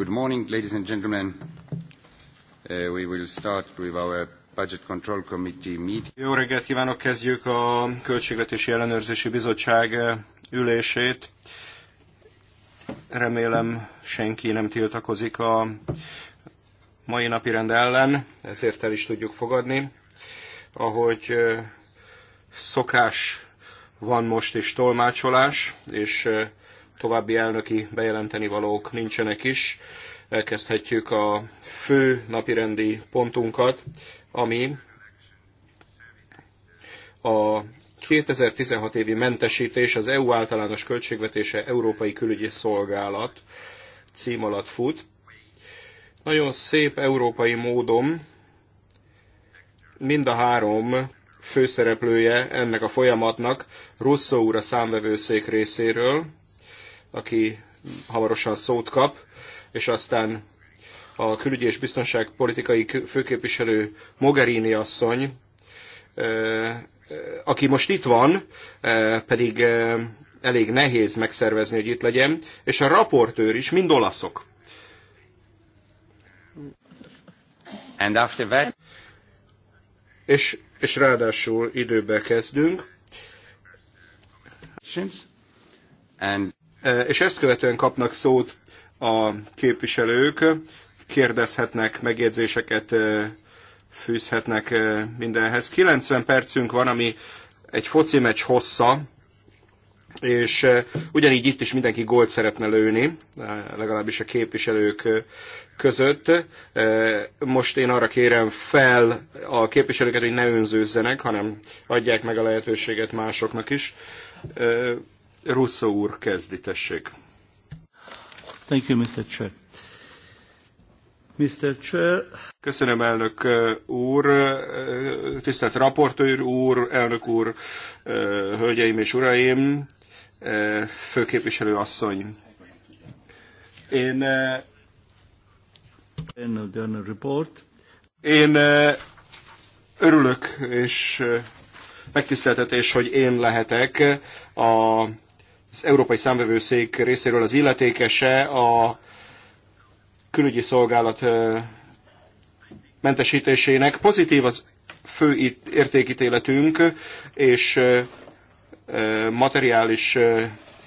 Good morning, ladies and gentlemen. Uh, we will start with our Budget Control Committee meeting. Jó reggelt kívánok, kezdjük a Költségvetési Ellenőrzési Bizottság uh, ülését. Remélem senki nem tiltakozik a mai napi rend ellen, ezért el is tudjuk fogadni. Ahogy uh, szokás, van most is tolmácsolás, és uh, további elnöki bejelenteni valók nincsenek is. Elkezdhetjük a fő napirendi pontunkat, ami a 2016 évi mentesítés az EU általános költségvetése Európai Külügyi Szolgálat cím alatt fut. Nagyon szép európai módon mind a három főszereplője ennek a folyamatnak Russo úr a számvevőszék részéről, aki hamarosan szót kap, és aztán a külügyi és biztonságpolitikai főképviselő Mogherini asszony, aki most itt van, pedig elég nehéz megszervezni, hogy itt legyen, és a raportőr is mind olaszok. And after that... és, és ráadásul időbe kezdünk. And és ezt követően kapnak szót a képviselők, kérdezhetnek, megjegyzéseket fűzhetnek mindenhez. 90 percünk van, ami egy foci meccs hossza, és ugyanígy itt is mindenki gólt szeretne lőni, legalábbis a képviselők között. Most én arra kérem fel a képviselőket, hogy ne önzőzzenek, hanem adják meg a lehetőséget másoknak is. Russo úr kezdi, tessék. Thank you, Mr. Chair. Mr. Chair. Köszönöm, elnök úr, tisztelt raportőr úr, elnök úr, hölgyeim és uraim, főképviselő asszony. Én én örülök, és megtiszteltetés, hogy én lehetek a az Európai Számvevőszék részéről az illetékese a külügyi szolgálat mentesítésének. Pozitív az fő értékítéletünk, és materiális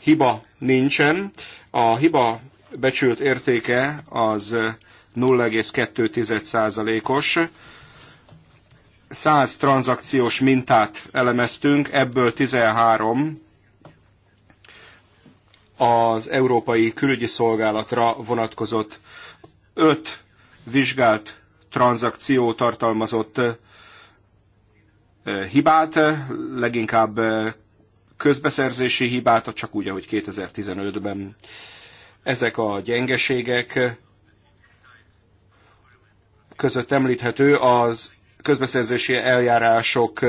hiba nincsen. A hiba becsült értéke az 0,2%-os. 100 tranzakciós mintát elemeztünk, ebből 13 az Európai Külügyi Szolgálatra vonatkozott öt vizsgált tranzakció tartalmazott hibát, leginkább közbeszerzési hibát, csak úgy, ahogy 2015-ben. Ezek a gyengeségek között említhető az közbeszerzési eljárások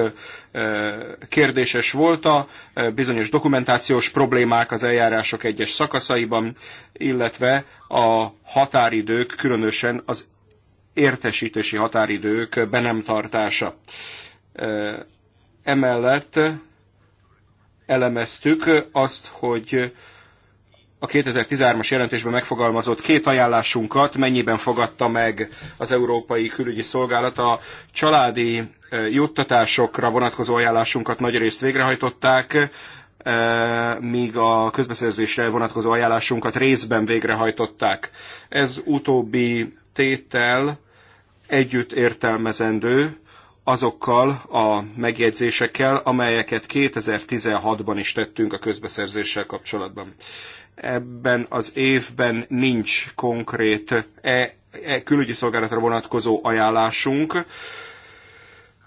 kérdéses volt a bizonyos dokumentációs problémák az eljárások egyes szakaszaiban, illetve a határidők, különösen az értesítési határidők be nem tartása. Emellett elemeztük azt, hogy a 2013-as jelentésben megfogalmazott két ajánlásunkat, mennyiben fogadta meg az Európai Külügyi Szolgálat a családi juttatásokra vonatkozó ajánlásunkat nagy részt végrehajtották, míg a közbeszerzésre vonatkozó ajánlásunkat részben végrehajtották. Ez utóbbi tétel együtt értelmezendő azokkal a megjegyzésekkel, amelyeket 2016-ban is tettünk a közbeszerzéssel kapcsolatban ebben az évben nincs konkrét e, e külügyi szolgálatra vonatkozó ajánlásunk.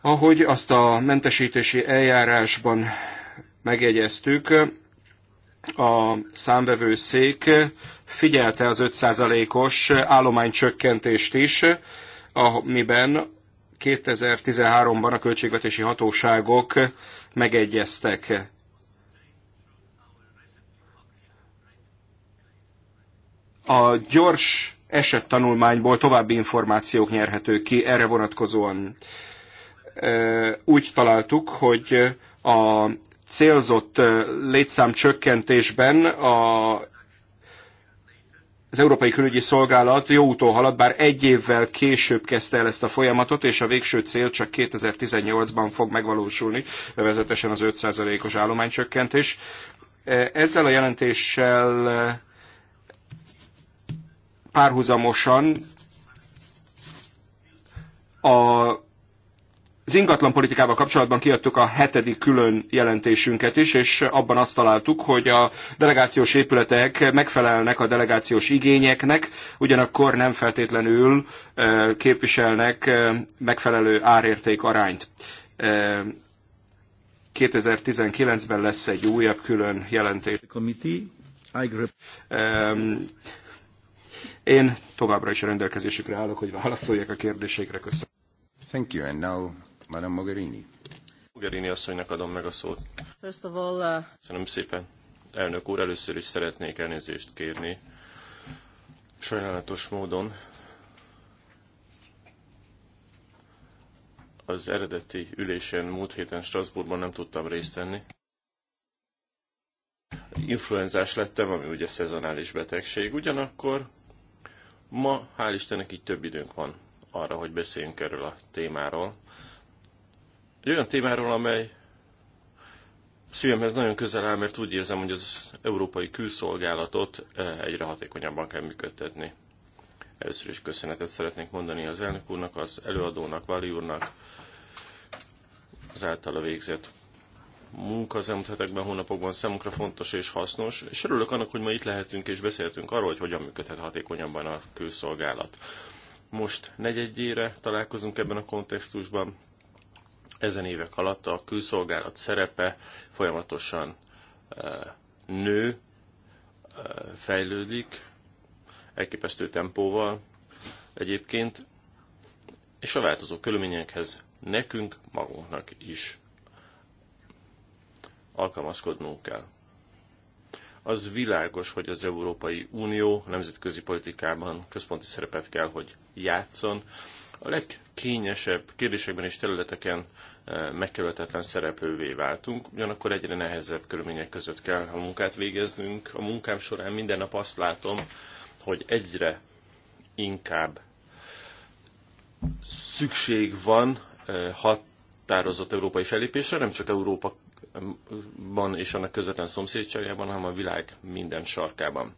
Ahogy azt a mentesítési eljárásban megjegyeztük, a számvevőszék figyelte az 5%-os állománycsökkentést is, amiben 2013-ban a költségvetési hatóságok megegyeztek. A gyors esettanulmányból további információk nyerhetők ki erre vonatkozóan. Úgy találtuk, hogy a célzott létszám csökkentésben a, az Európai Külügyi Szolgálat jó úton halad, bár egy évvel később kezdte el ezt a folyamatot, és a végső cél csak 2018-ban fog megvalósulni, nevezetesen az 5%-os állománycsökkentés. Ezzel a jelentéssel párhuzamosan a az ingatlan politikával kapcsolatban kiadtuk a hetedik külön jelentésünket is, és abban azt találtuk, hogy a delegációs épületek megfelelnek a delegációs igényeknek, ugyanakkor nem feltétlenül képviselnek megfelelő árérték arányt. 2019-ben lesz egy újabb külön jelentés. Én továbbra is a rendelkezésükre állok, hogy válaszoljak a kérdéseikre. Köszönöm. Thank you, and now Madame Mogherini. Mogherini asszonynak adom meg a szót. First of all, uh... Köszönöm szépen. Elnök úr, először is szeretnék elnézést kérni. Sajnálatos módon az eredeti ülésen múlt héten Strasbourgban nem tudtam részt venni. Influenzás lettem, ami ugye szezonális betegség. Ugyanakkor Ma, hál' Istennek, így több időnk van arra, hogy beszéljünk erről a témáról. Egy olyan témáról, amely szívemhez nagyon közel áll, mert úgy érzem, hogy az európai külszolgálatot eh, egyre hatékonyabban kell működtetni. Először is köszönetet szeretnék mondani az elnök úrnak, az előadónak, Vali úrnak, az általa végzett munka az elmúlt hetekben, hónapokban számunkra fontos és hasznos, és örülök annak, hogy ma itt lehetünk és beszéltünk arról, hogy hogyan működhet hatékonyabban a külszolgálat. Most negyedjére találkozunk ebben a kontextusban. Ezen évek alatt a külszolgálat szerepe folyamatosan e, nő, e, fejlődik, elképesztő tempóval egyébként, és a változó körülményekhez nekünk magunknak is alkalmazkodnunk kell. Az világos, hogy az Európai Unió nemzetközi politikában központi szerepet kell, hogy játszon. A legkényesebb kérdésekben és területeken eh, megkerülhetetlen szereplővé váltunk, ugyanakkor egyre nehezebb körülmények között kell a munkát végeznünk. A munkám során minden nap azt látom, hogy egyre inkább szükség van eh, határozott európai felépésre, nem csak Európa Európában és annak közvetlen szomszédságában, hanem a világ minden sarkában.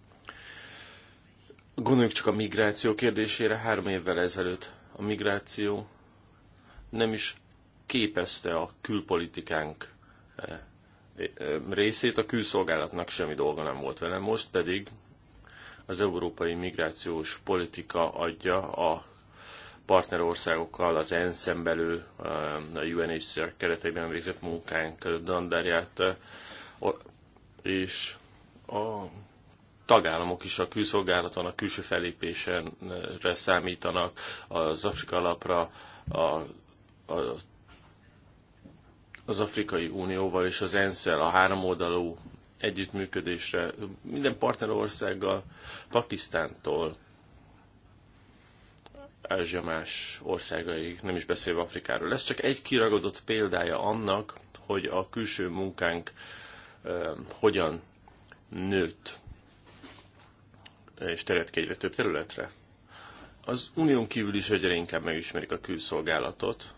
Gondoljuk csak a migráció kérdésére három évvel ezelőtt. A migráció nem is képezte a külpolitikánk eh, eh, részét, a külszolgálatnak semmi dolga nem volt vele, most pedig az európai migrációs politika adja a partnerországokkal, az ENSZ-en belül, um, a UNHCR keretében végzett munkánk dandárját, uh, és a tagállamok is a külszolgálaton, a külső felépésenre számítanak, az Afrika alapra, a, a, az Afrikai Unióval és az ensz a háromoldalú együttműködésre, minden partnerországgal, Pakisztántól, Ázsia más országaig, nem is beszélve Afrikáról. Ez csak egy kiragadott példája annak, hogy a külső munkánk eh, hogyan nőtt és terjedt egyre több területre. Az unión kívül is egyre inkább megismerik a külszolgálatot.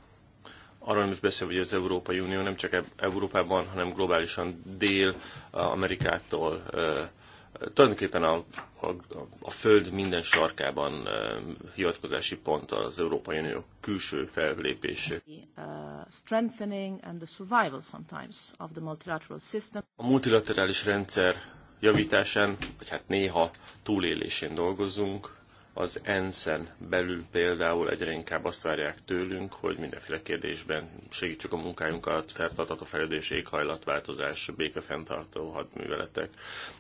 Arról nem is beszél, hogy az Európai Unió nem csak Európában, hanem globálisan Dél-Amerikától eh, Tulajdonképpen a, a, a Föld minden sarkában hivatkozási pont az Európai Unió külső fellépése. Uh, a multilaterális rendszer javításán, vagy hát néha túlélésén dolgozunk, az ENSZ-en belül például egyre inkább azt várják tőlünk, hogy mindenféle kérdésben segítsük a munkájunkat, fenntartható fejlődés, éghajlatváltozás, békefenntartó hadműveletek.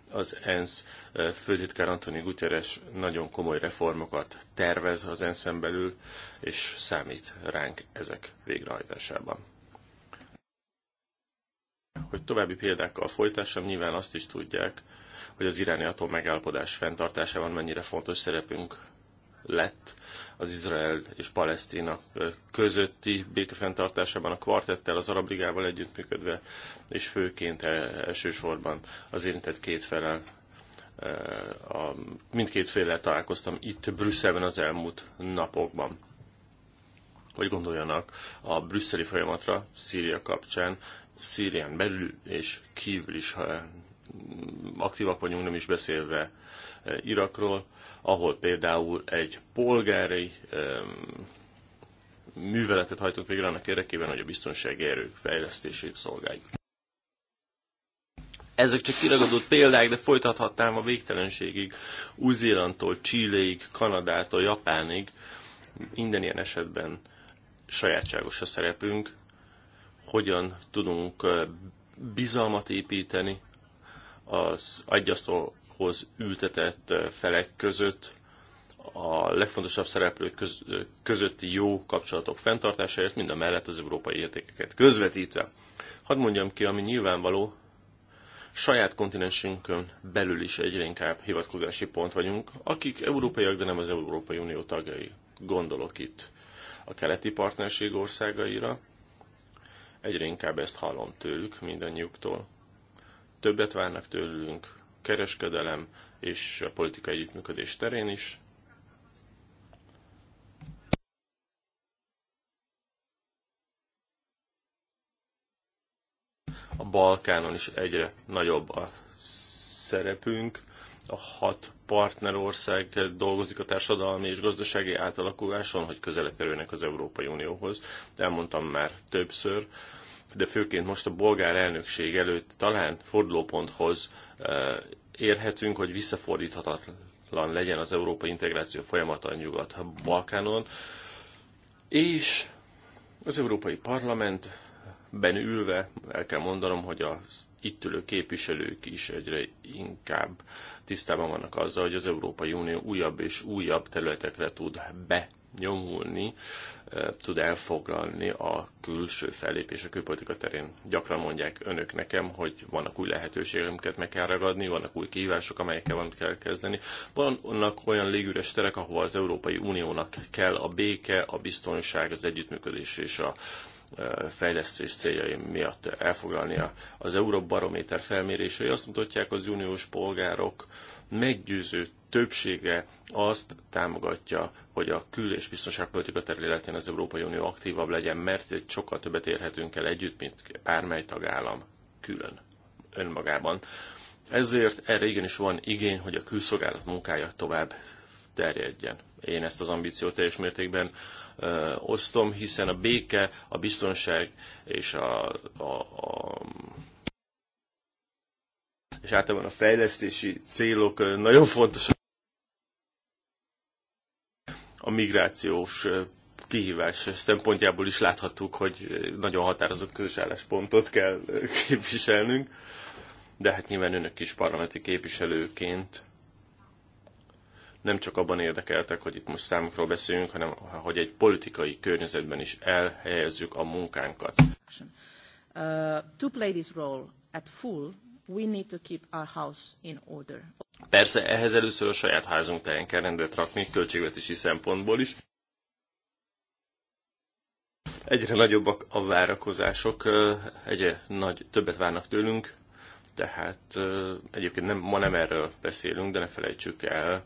Az ENSZ eh, főtitkár Antoni Guterres nagyon komoly reformokat tervez az ENSZ-en belül, és számít ránk ezek végrehajtásában. Hogy további példákkal folytassam, nyilván azt is tudják, hogy az iráni atom megállapodás fenntartásában mennyire fontos szerepünk lett az Izrael és Palesztina közötti békefenntartásában a kvartettel, az Arab Ligával együttműködve, és főként e, elsősorban az érintett két felel e, a, mindkét féllel találkoztam itt Brüsszelben az elmúlt napokban. Hogy gondoljanak a brüsszeli folyamatra Szíria kapcsán, Szírián belül és kívül is ha aktívak vagyunk, nem is beszélve eh, Irakról, ahol például egy polgári műveletet hajtunk végre annak érdekében, hogy a biztonsági erők fejlesztését szolgáljuk. Ezek csak kiragadott példák, de folytathatnám a végtelenségig, Új-Zélandtól, Csilléig, Kanadától, Japánig. Minden ilyen esetben sajátságos a szerepünk, hogyan tudunk bizalmat építeni az agyasztóhoz ültetett felek között, a legfontosabb szereplők közötti jó kapcsolatok fenntartásáért, mind a mellett az európai értékeket közvetítve. Hadd mondjam ki, ami nyilvánvaló, saját kontinensünkön belül is egyre inkább hivatkozási pont vagyunk, akik európaiak, de nem az Európai Unió tagjai. Gondolok itt a keleti partnerség országaira, Egyre inkább ezt hallom tőlük, mindannyiuktól. Többet várnak tőlünk kereskedelem és a politikai együttműködés terén is. A Balkánon is egyre nagyobb a szerepünk, a hat partnerország dolgozik a társadalmi és gazdasági átalakuláson, hogy közelebb kerülnek az Európai Unióhoz. Elmondtam már többször, de főként most a bolgár elnökség előtt talán fordulóponthoz eh, érhetünk, hogy visszafordíthatatlan legyen az európai integráció folyamata a Nyugat-Balkánon, és az Európai Parlament ülve el kell mondanom, hogy az itt ülő képviselők is egyre inkább tisztában vannak azzal, hogy az Európai Unió újabb és újabb területekre tud benyomulni, tud elfoglalni a külső fellépés a külpolitika terén. Gyakran mondják önök nekem, hogy vannak új lehetőségek, amiket meg kell ragadni, vannak új kihívások, amelyekkel van kell kezdeni. Vannak olyan légüres terek, ahova az Európai Uniónak kell a béke, a biztonság, az együttműködés és a fejlesztés céljai miatt elfoglalnia. Az Euróbarométer felmérései azt mutatják, az uniós polgárok meggyőző többsége azt támogatja, hogy a kül- és biztonságpolitika területén az Európai Unió aktívabb legyen, mert egy sokkal többet érhetünk el együtt, mint bármely tagállam külön önmagában. Ezért erre igenis van igény, hogy a külszolgálat munkája tovább terjedjen. Én ezt az ambíciót teljes mértékben ö, osztom, hiszen a béke, a biztonság és a, a, a és általában a fejlesztési célok nagyon fontosak a migrációs kihívás szempontjából is láthattuk, hogy nagyon határozott közös álláspontot kell képviselnünk, de hát nyilván önök is parlamenti képviselőként nem csak abban érdekeltek, hogy itt most számokról beszéljünk, hanem hogy egy politikai környezetben is elhelyezzük a munkánkat. Uh, to play this role at full, we need to keep our house in order. Persze ehhez először a saját házunk teljén kell rendet rakni, költségvetési szempontból is. Egyre nagyobbak a várakozások, egyre nagy, többet várnak tőlünk, tehát egyébként nem, ma nem erről beszélünk, de ne felejtsük el,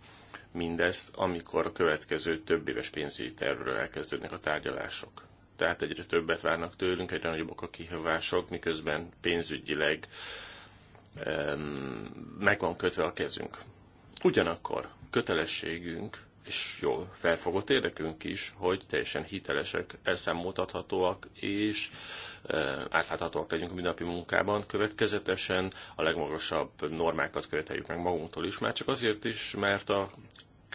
mindezt, amikor a következő több éves pénzügyi tervről elkezdődnek a tárgyalások. Tehát egyre többet várnak tőlünk, egyre nagyobbak a kihívások, miközben pénzügyileg um, meg van kötve a kezünk. Ugyanakkor kötelességünk és jól felfogott érdekünk is, hogy teljesen hitelesek, elszámoltathatóak és átláthatóak legyünk a mindennapi munkában. Következetesen a legmagasabb normákat követeljük meg magunktól is, már csak azért is, mert a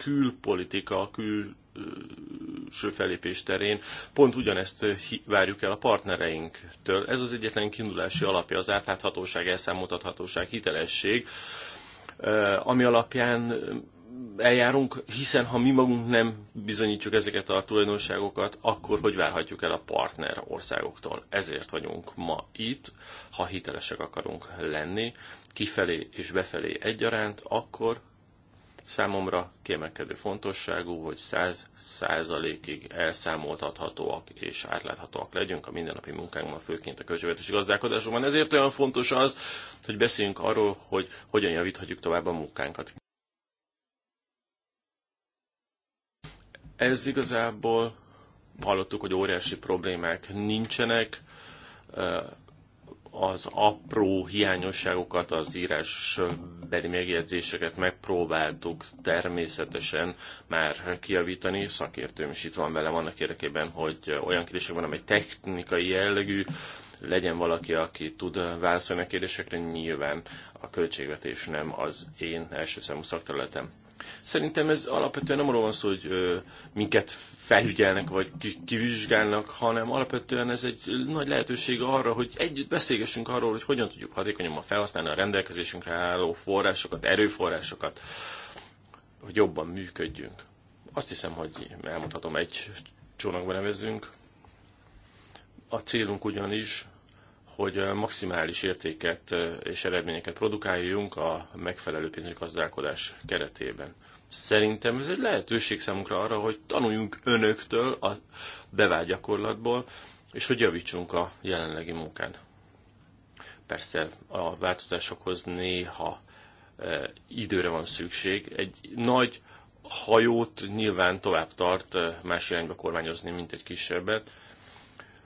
külpolitika, külső felépés terén pont ugyanezt eh, várjuk el a partnereinktől. Ez az egyetlen kiindulási alapja az átláthatóság, elszámoltathatóság, hitelesség, eh, ami alapján eh, eljárunk, hiszen ha mi magunk nem bizonyítjuk ezeket a tulajdonságokat, akkor hogy várhatjuk el a partner országoktól? Ezért vagyunk ma itt, ha hitelesek akarunk lenni, kifelé és befelé egyaránt, akkor Számomra kiemelkedő fontosságú, hogy száz százalékig elszámoltathatóak és átláthatóak legyünk a mindennapi munkánkban, főként a költségvetési gazdálkodásunkban. Ezért olyan fontos az, hogy beszéljünk arról, hogy hogyan javíthatjuk tovább a munkánkat. Ez igazából hallottuk, hogy óriási problémák nincsenek, az apró hiányosságokat, az írásbeli megjegyzéseket megpróbáltuk természetesen már kiavítani. Szakértőm is itt van velem annak érdekében, hogy olyan van, amely technikai jellegű, legyen valaki, aki tud válaszolni a kérdésekre, nyilván a költségvetés nem az én első számú szakterületem. Szerintem ez alapvetően nem arról van szó, hogy minket felügyelnek vagy kivizsgálnak, hanem alapvetően ez egy nagy lehetőség arra, hogy együtt beszélgessünk arról, hogy hogyan tudjuk hatékonyabban felhasználni a rendelkezésünkre álló forrásokat, erőforrásokat, hogy jobban működjünk. Azt hiszem, hogy elmondhatom, egy csónakban nevezünk. A célunk ugyanis hogy maximális értéket és eredményeket produkáljunk a megfelelő pénzügyi gazdálkodás keretében. Szerintem ez egy lehetőség számunkra arra, hogy tanuljunk önöktől a bevált gyakorlatból, és hogy javítsunk a jelenlegi munkán. Persze a változásokhoz néha időre van szükség. Egy nagy hajót nyilván tovább tart más irányba kormányozni, mint egy kisebbet,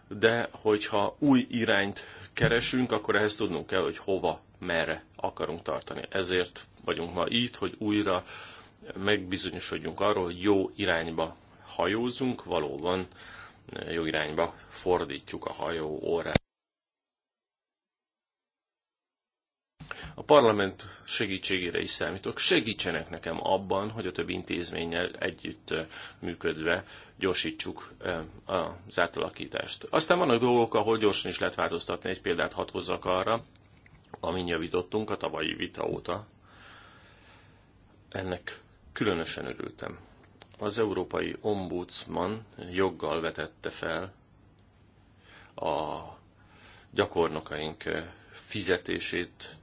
de hogyha új irányt keresünk, akkor ehhez tudnunk kell, hogy hova, merre akarunk tartani. Ezért vagyunk ma itt, hogy újra megbizonyosodjunk arról, hogy jó irányba hajózunk, valóban jó irányba fordítjuk a hajó órát. A parlament segítségére is számítok. Segítsenek nekem abban, hogy a több intézménnyel együtt működve gyorsítsuk az átalakítást. Aztán vannak dolgok, ahol gyorsan is lehet változtatni. Egy példát hadd hozzak arra, amin javítottunk a tavalyi vita óta. Ennek különösen örültem. Az Európai Ombudsman joggal vetette fel a gyakornokaink fizetését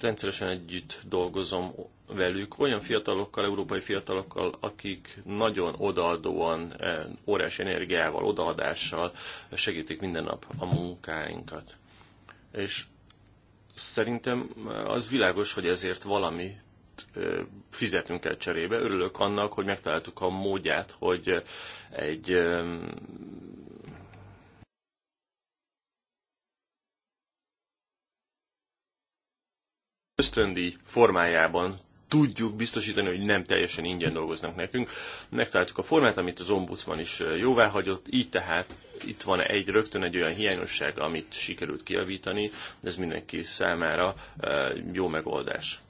rendszeresen együtt dolgozom velük, olyan fiatalokkal, európai fiatalokkal, akik nagyon odaadóan, eh, órás energiával, odaadással segítik minden nap a munkáinkat. És szerintem az világos, hogy ezért valami eh, fizetünk el cserébe. Örülök annak, hogy megtaláltuk a módját, hogy egy ösztöndíj formájában tudjuk biztosítani, hogy nem teljesen ingyen dolgoznak nekünk. Megtaláltuk a formát, amit az ombudsman is jóvá hagyott, így tehát itt van egy rögtön egy olyan hiányosság, amit sikerült kiavítani, de ez mindenki számára jó megoldás.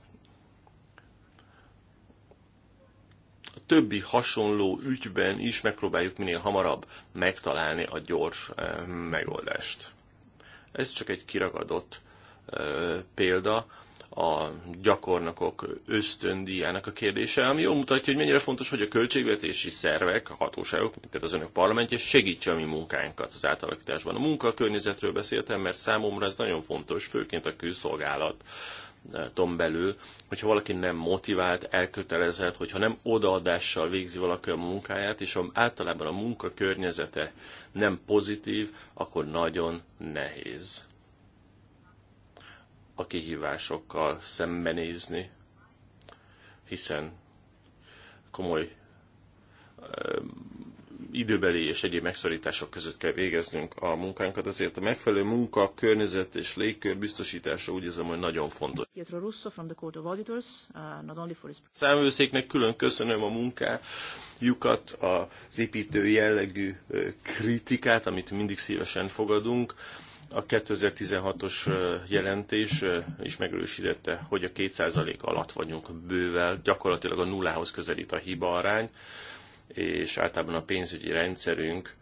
A többi hasonló ügyben is megpróbáljuk minél hamarabb megtalálni a gyors megoldást. Ez csak egy kiragadott példa a gyakornokok ösztöndíjának a kérdése, ami jól mutatja, hogy mennyire fontos, hogy a költségvetési szervek, a hatóságok, mint például az önök parlamentje, segítse a mi munkánkat az átalakításban. A munkakörnyezetről beszéltem, mert számomra ez nagyon fontos, főként a külszolgálat eh, tom belül, hogyha valaki nem motivált, elkötelezett, hogyha nem odaadással végzi valaki a munkáját, és általában a munka környezete nem pozitív, akkor nagyon nehéz a kihívásokkal szembenézni, hiszen komoly időbeli és egyéb megszorítások között kell végeznünk a munkánkat, azért, a megfelelő munka, környezet és légkör biztosítása úgy érzem, hogy nagyon fontos. Pietro Russo from the Court of Auditors, uh, not only for his... Számőszéknek külön köszönöm a munkájukat, az építő jellegű kritikát, amit mindig szívesen fogadunk. A 2016-os jelentés is megerősítette, hogy a 2% alatt vagyunk bővel, gyakorlatilag a nullához közelít a hiba arány, és általában a pénzügyi rendszerünk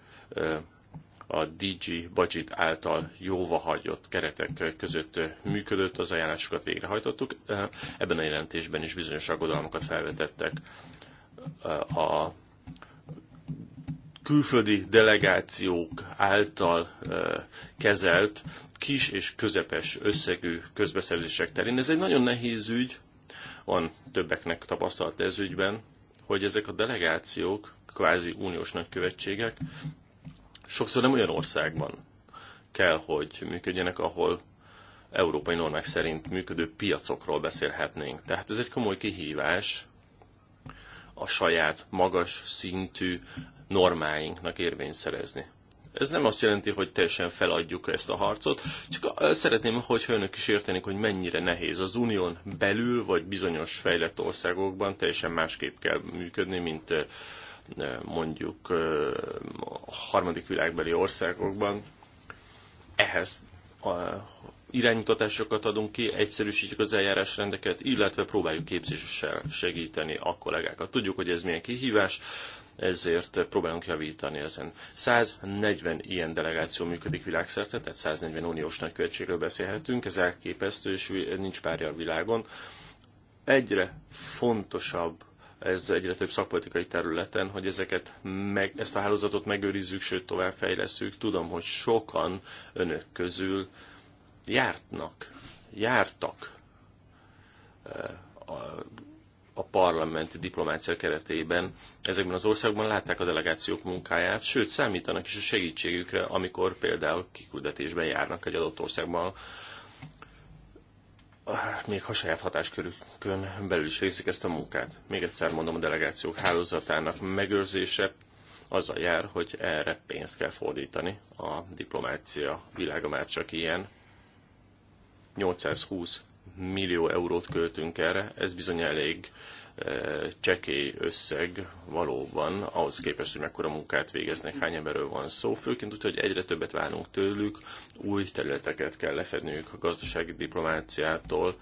a DG Budget által jóvahagyott keretek között működött, az ajánlásokat végrehajtottuk. Ebben a jelentésben is bizonyos aggodalmakat felvetettek a külföldi delegációk által kezelt kis és közepes összegű közbeszerzések terén. Ez egy nagyon nehéz ügy, van többeknek tapasztalat ez ügyben, hogy ezek a delegációk, kvázi uniós nagykövetségek, sokszor nem olyan országban kell, hogy működjenek, ahol európai normák szerint működő piacokról beszélhetnénk. Tehát ez egy komoly kihívás a saját magas szintű normáinknak érvényt szerezni. Ez nem azt jelenti, hogy teljesen feladjuk ezt a harcot, csak szeretném, hogy önök is értenék, hogy mennyire nehéz. Az unión belül, vagy bizonyos fejlett országokban teljesen másképp kell működni, mint mondjuk a harmadik világbeli országokban. Ehhez a iránymutatásokat adunk ki, egyszerűsítjük az eljárásrendeket, illetve próbáljuk képzéssel segíteni a kollégákat. Tudjuk, hogy ez milyen kihívás, ezért próbálunk javítani ezen. 140 ilyen delegáció működik világszerte, tehát 140 uniós nagykövetségről beszélhetünk, ez elképesztő, és nincs párja a világon. Egyre fontosabb ez egyre több szakpolitikai területen, hogy ezeket meg, ezt a hálózatot megőrizzük, sőt tovább fejleszünk. Tudom, hogy sokan önök közül jártnak, jártak eh, a parlamenti diplomácia keretében ezekben az országban látták a delegációk munkáját, sőt számítanak is a segítségükre, amikor például kiküldetésben járnak egy adott országban, még ha saját hatáskörükön belül is részik ezt a munkát. Még egyszer mondom, a delegációk hálózatának megőrzése az a jár, hogy erre pénzt kell fordítani. A diplomácia világa már csak ilyen. 820 millió eurót költünk erre, ez bizony elég eh, csekély összeg valóban ahhoz képest, hogy mekkora munkát végeznek, hány emberről van szó, főként úgy, hogy egyre többet várunk tőlük, új területeket kell lefedniük a gazdasági diplomáciától,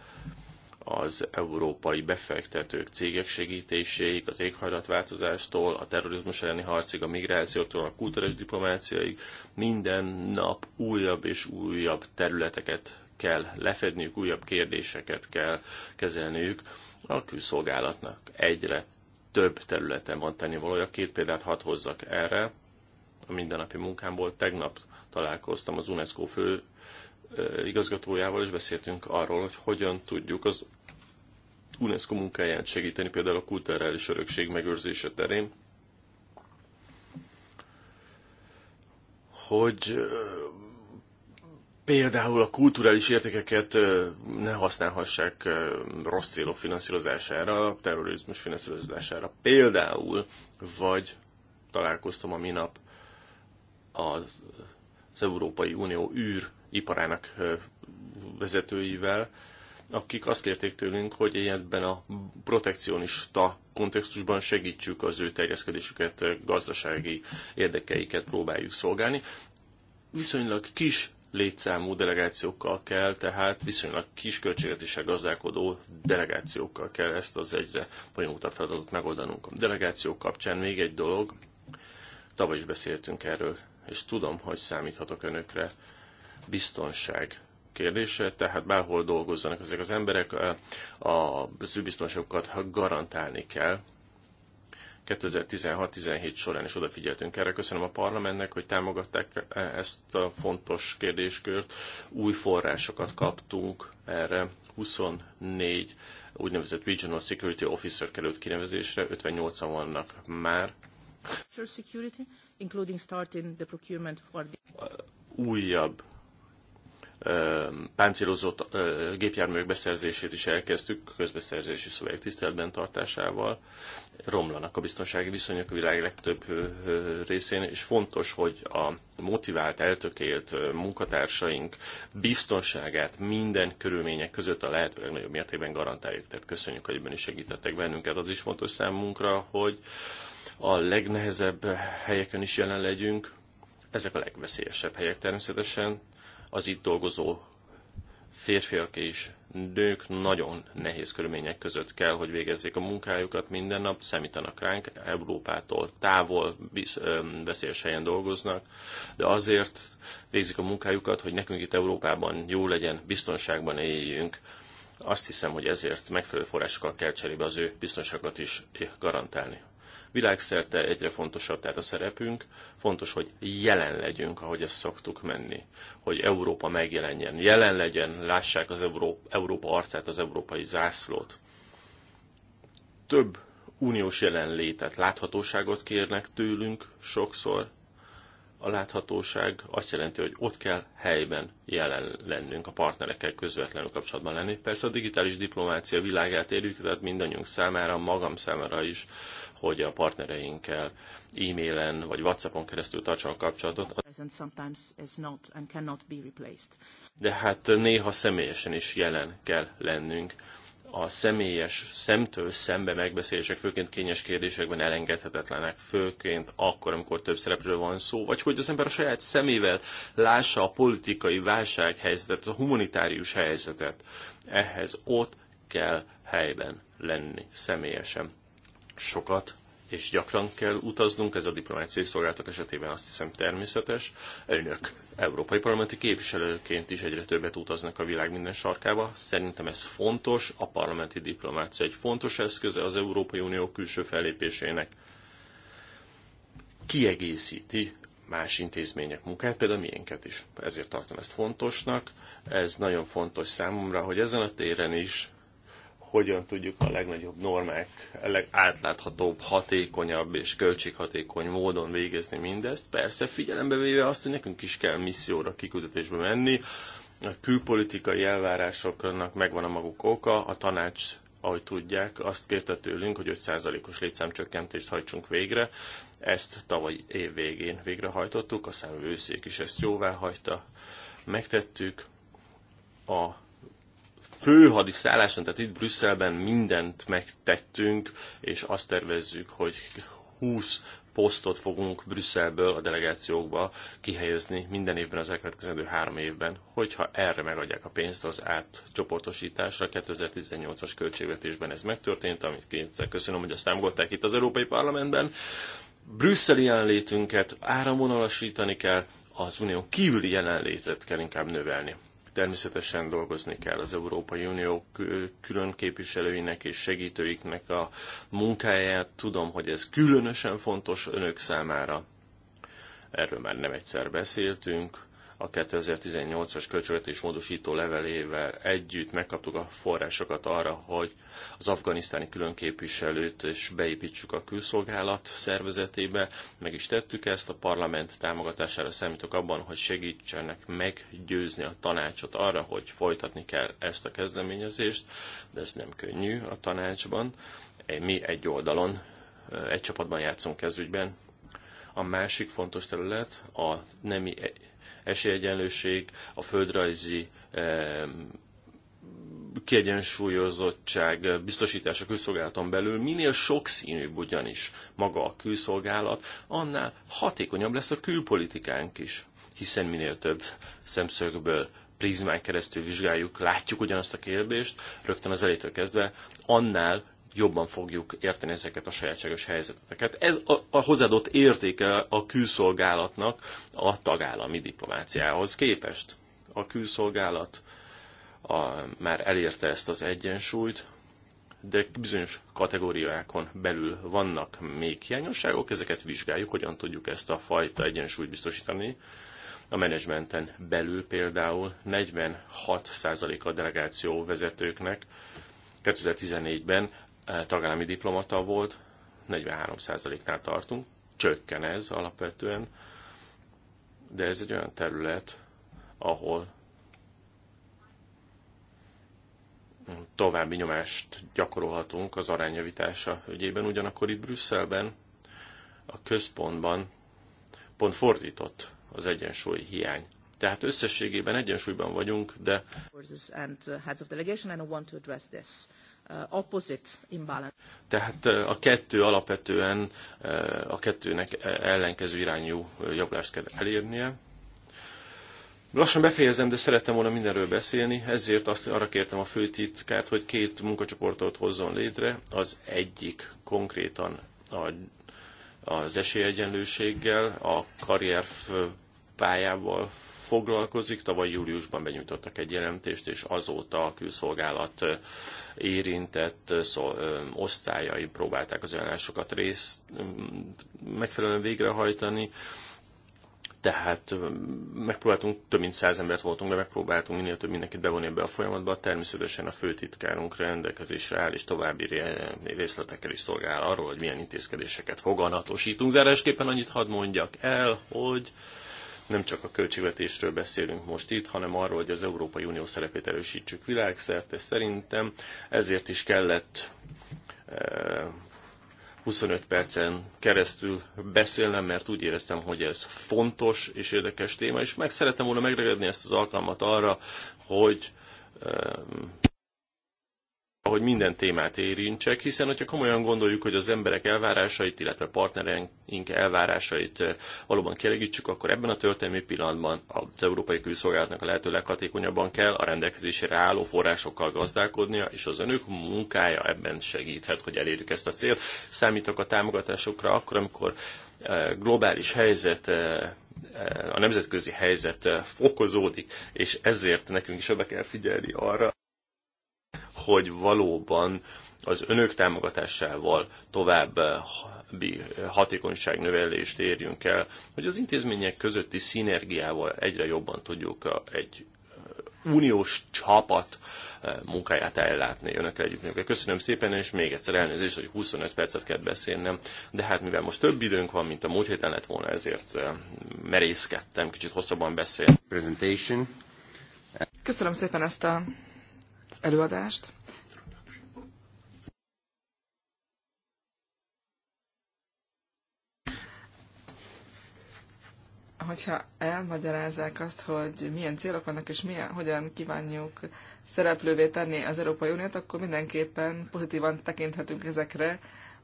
az európai befektetők cégek segítéséig, az éghajlatváltozástól, a terrorizmus elleni harcig, a migrációtól, a kulturális diplomáciáig, minden nap újabb és újabb területeket kell lefedniük, újabb kérdéseket kell kezelniük. A külszolgálatnak egyre több területen van valója. Két példát hadd hozzak erre. A mindennapi munkámból tegnap találkoztam az UNESCO fő igazgatójával, és beszéltünk arról, hogy hogyan tudjuk az UNESCO munkáját segíteni, például a kulturális örökség megőrzése terén, hogy például a kulturális értékeket ne használhassák rossz célok finanszírozására, terrorizmus finanszírozására például, vagy találkoztam a minap az, az Európai Unió űr iparának vezetőivel, akik azt kérték tőlünk, hogy ebben a protekcionista kontextusban segítsük az ő terjeszkedésüket, gazdasági érdekeiket próbáljuk szolgálni. Viszonylag kis létszámú delegációkkal kell, tehát viszonylag kis költségvetéssel gazdálkodó delegációkkal kell ezt az egyre bonyolultabb feladatot megoldanunk. A delegációk kapcsán még egy dolog, tavaly is beszéltünk erről, és tudom, hogy számíthatok önökre, biztonság kérdése, tehát bárhol dolgozzanak ezek az emberek, a biztonságokat garantálni kell, 2016-17 során is odafigyeltünk erre. Köszönöm a parlamentnek, hogy támogatták e- ezt a fontos kérdéskört. Új forrásokat kaptunk erre. 24 úgynevezett Regional Security Officer került kinevezésre, 58-an vannak már. Security, including starting the procurement for the... Újabb páncélozott gépjárművek beszerzését is elkezdtük, közbeszerzési szövegek tiszteletben tartásával romlanak a biztonsági viszonyok a világ legtöbb részén, és fontos, hogy a motivált, eltökélt munkatársaink biztonságát minden körülmények között a lehető legnagyobb mértékben garantáljuk. Tehát köszönjük, hogy ebben is segítettek bennünket. Az is fontos számunkra, hogy a legnehezebb helyeken is jelen legyünk. Ezek a legveszélyesebb helyek természetesen. Az itt dolgozó férfiak és nők nagyon nehéz körülmények között kell, hogy végezzék a munkájukat minden nap, szemítanak ránk, Európától távol, veszélyes helyen dolgoznak, de azért végzik a munkájukat, hogy nekünk itt Európában jó legyen, biztonságban éljünk. Azt hiszem, hogy ezért megfelelő forrásokkal kell cserébe az ő biztonságot is garantálni. Világszerte egyre fontosabb tehát a szerepünk, fontos, hogy jelen legyünk, ahogy ezt szoktuk menni, hogy Európa megjelenjen, jelen legyen, lássák az Európa, Európa arcát, az európai zászlót. Több uniós jelenlétet, láthatóságot kérnek tőlünk sokszor, a láthatóság azt jelenti, hogy ott kell helyben jelen lennünk, a partnerekkel közvetlenül kapcsolatban lenni. Persze a digitális diplomácia világát érjük, tehát mindannyiunk számára, magam számára is, hogy a partnereinkkel e-mailen vagy Whatsappon keresztül tartson a kapcsolatot. De hát néha személyesen is jelen kell lennünk a személyes szemtől szembe megbeszélések, főként kényes kérdésekben elengedhetetlenek, főként akkor, amikor több szereplőről van szó, vagy hogy az ember a saját szemével lássa a politikai válsághelyzetet, a humanitárius helyzetet. Ehhez ott kell helyben lenni személyesen. Sokat és gyakran kell utaznunk, ez a diplomáciai szolgálatok esetében azt hiszem természetes. Önök európai parlamenti képviselőként is egyre többet utaznak a világ minden sarkába. Szerintem ez fontos, a parlamenti diplomácia egy fontos eszköze az Európai Unió külső fellépésének. Kiegészíti más intézmények munkát, például miénket is. Ezért tartom ezt fontosnak. Ez nagyon fontos számomra, hogy ezen a téren is hogyan tudjuk a legnagyobb normák, a legátláthatóbb, hatékonyabb és költséghatékony módon végezni mindezt. Persze figyelembe véve azt, hogy nekünk is kell misszióra kiküldetésbe menni, a külpolitikai elvárásoknak megvan a maguk oka, a tanács ahogy tudják, azt kérte tőlünk, hogy 5%-os létszámcsökkentést hajtsunk végre. Ezt tavaly év végén végrehajtottuk, a szemvőszék is ezt jóvá hagyta. Megtettük, a szálláson, tehát itt Brüsszelben mindent megtettünk, és azt tervezzük, hogy 20 posztot fogunk Brüsszelből a delegációkba kihelyezni minden évben az elkövetkezendő három évben, hogyha erre megadják a pénzt az átcsoportosításra. 2018-as költségvetésben ez megtörtént, amit kétszer köszönöm, hogy azt támogatták itt az Európai Parlamentben. Brüsszeli jelenlétünket áramvonalasítani kell, az unió kívüli jelenlétet kell inkább növelni természetesen dolgozni kell az Európai Unió külön képviselőinek és segítőiknek a munkáját. Tudom, hogy ez különösen fontos önök számára. Erről már nem egyszer beszéltünk a 2018-as költségvetés módosító levelével együtt megkaptuk a forrásokat arra, hogy az afganisztáni különképviselőt és beépítsük a külszolgálat szervezetébe. Meg is tettük ezt, a parlament támogatására számítok abban, hogy segítsenek meggyőzni a tanácsot arra, hogy folytatni kell ezt a kezdeményezést, de ez nem könnyű a tanácsban. Mi egy oldalon, egy csapatban játszunk kezügyben. A másik fontos terület a nemi esélyegyenlőség, a földrajzi eh, kiegyensúlyozottság eh, biztosítása külszolgálaton belül, minél sokszínűbb ugyanis maga a külszolgálat, annál hatékonyabb lesz a külpolitikánk is, hiszen minél több szemszögből prizmán keresztül vizsgáljuk, látjuk ugyanazt a kérdést, rögtön az elétől kezdve, annál jobban fogjuk érteni ezeket a sajátságos helyzeteket. Ez a, a hozzáadott értéke a külszolgálatnak a tagállami diplomáciához képest. A külszolgálat a, már elérte ezt az egyensúlyt, de bizonyos kategóriákon belül vannak még hiányosságok, ezeket vizsgáljuk, hogyan tudjuk ezt a fajta egyensúlyt biztosítani. A menedzsmenten belül például 46% a delegáció vezetőknek 2014-ben tagállami diplomata volt, 43%-nál tartunk, csökken ez alapvetően, de ez egy olyan terület, ahol további nyomást gyakorolhatunk az arányjavítása ügyében, ugyanakkor itt Brüsszelben, a központban pont fordított az egyensúly hiány. Tehát összességében egyensúlyban vagyunk, de Uh, opposite imbalance. Tehát uh, a kettő alapvetően uh, a kettőnek ellenkező irányú javulást kell elérnie. Lassan befejezem, de szerettem volna mindenről beszélni, ezért azt arra kértem a főtitkárt, hogy két munkacsoportot hozzon létre. Az egyik konkrétan a, az esélyegyenlőséggel, a karrierpályával foglalkozik. Tavaly júliusban benyújtottak egy jelentést, és azóta a külszolgálat érintett szó, osztályai próbálták az ajánlásokat részt megfelelően végrehajtani tehát megpróbáltunk, több mint száz embert voltunk, de megpróbáltunk minél több mindenkit bevonni ebbe a folyamatba. Természetesen a főtitkárunk rendelkezésre áll, és további részletekkel is szolgál arról, hogy milyen intézkedéseket foganatosítunk. Zárásképpen annyit hadd mondjak el, hogy nem csak a költségvetésről beszélünk most itt, hanem arról, hogy az Európai Unió szerepét erősítsük világszerte szerintem. Ezért is kellett 25 eh, percen keresztül beszélnem, mert úgy éreztem, hogy ez fontos és érdekes téma, és meg szerettem volna megragadni ezt az alkalmat arra, hogy eh, hogy minden témát érintsek, hiszen hogyha komolyan gondoljuk, hogy az emberek elvárásait, illetve a partnereink elvárásait eh, valóban kielégítsük, akkor ebben a történelmi pillanatban az Európai Külszolgálatnak a lehető leghatékonyabban kell a rendelkezésére álló forrásokkal gazdálkodnia, és az önök munkája ebben segíthet, hogy elérjük ezt a célt. Számítok a támogatásokra akkor, amikor eh, globális helyzet eh, a nemzetközi helyzet fokozódik, és ezért nekünk is oda kell figyelni arra, hogy valóban az önök támogatásával további eh, eh, hatékonyság érjünk el, hogy az intézmények közötti szinergiával egyre jobban tudjuk eh, egy uniós csapat munkáját ellátni önökkel együtt. Köszönöm szépen, és még egyszer elnézést, hogy 25 percet kell beszélnem, de hát mivel most több időnk van, mint a múlt héten lett volna, ezért merészkedtem, kicsit hosszabban beszél. Köszönöm szépen ezt a, az előadást. hogyha elmagyarázzák azt, hogy milyen célok vannak, és milyen, hogyan kívánjuk szereplővé tenni az Európai Uniót, akkor mindenképpen pozitívan tekinthetünk ezekre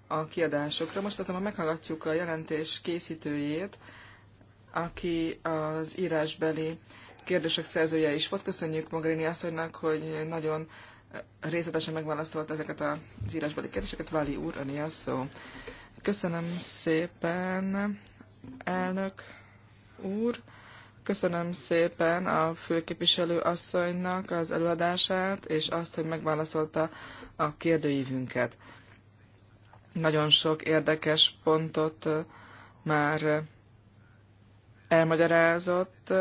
a kiadásokra. Most azonban meghallgatjuk a jelentés készítőjét, aki az írásbeli kérdések szerzője is volt. Köszönjük Mogherini asszonynak, hogy nagyon részletesen megválaszolt ezeket az írásbeli kérdéseket. Váli úr, a szó. Köszönöm szépen, elnök úr. Köszönöm szépen a főképviselő asszonynak az előadását, és azt, hogy megválaszolta a kérdőívünket. Nagyon sok érdekes pontot már elmagyarázott,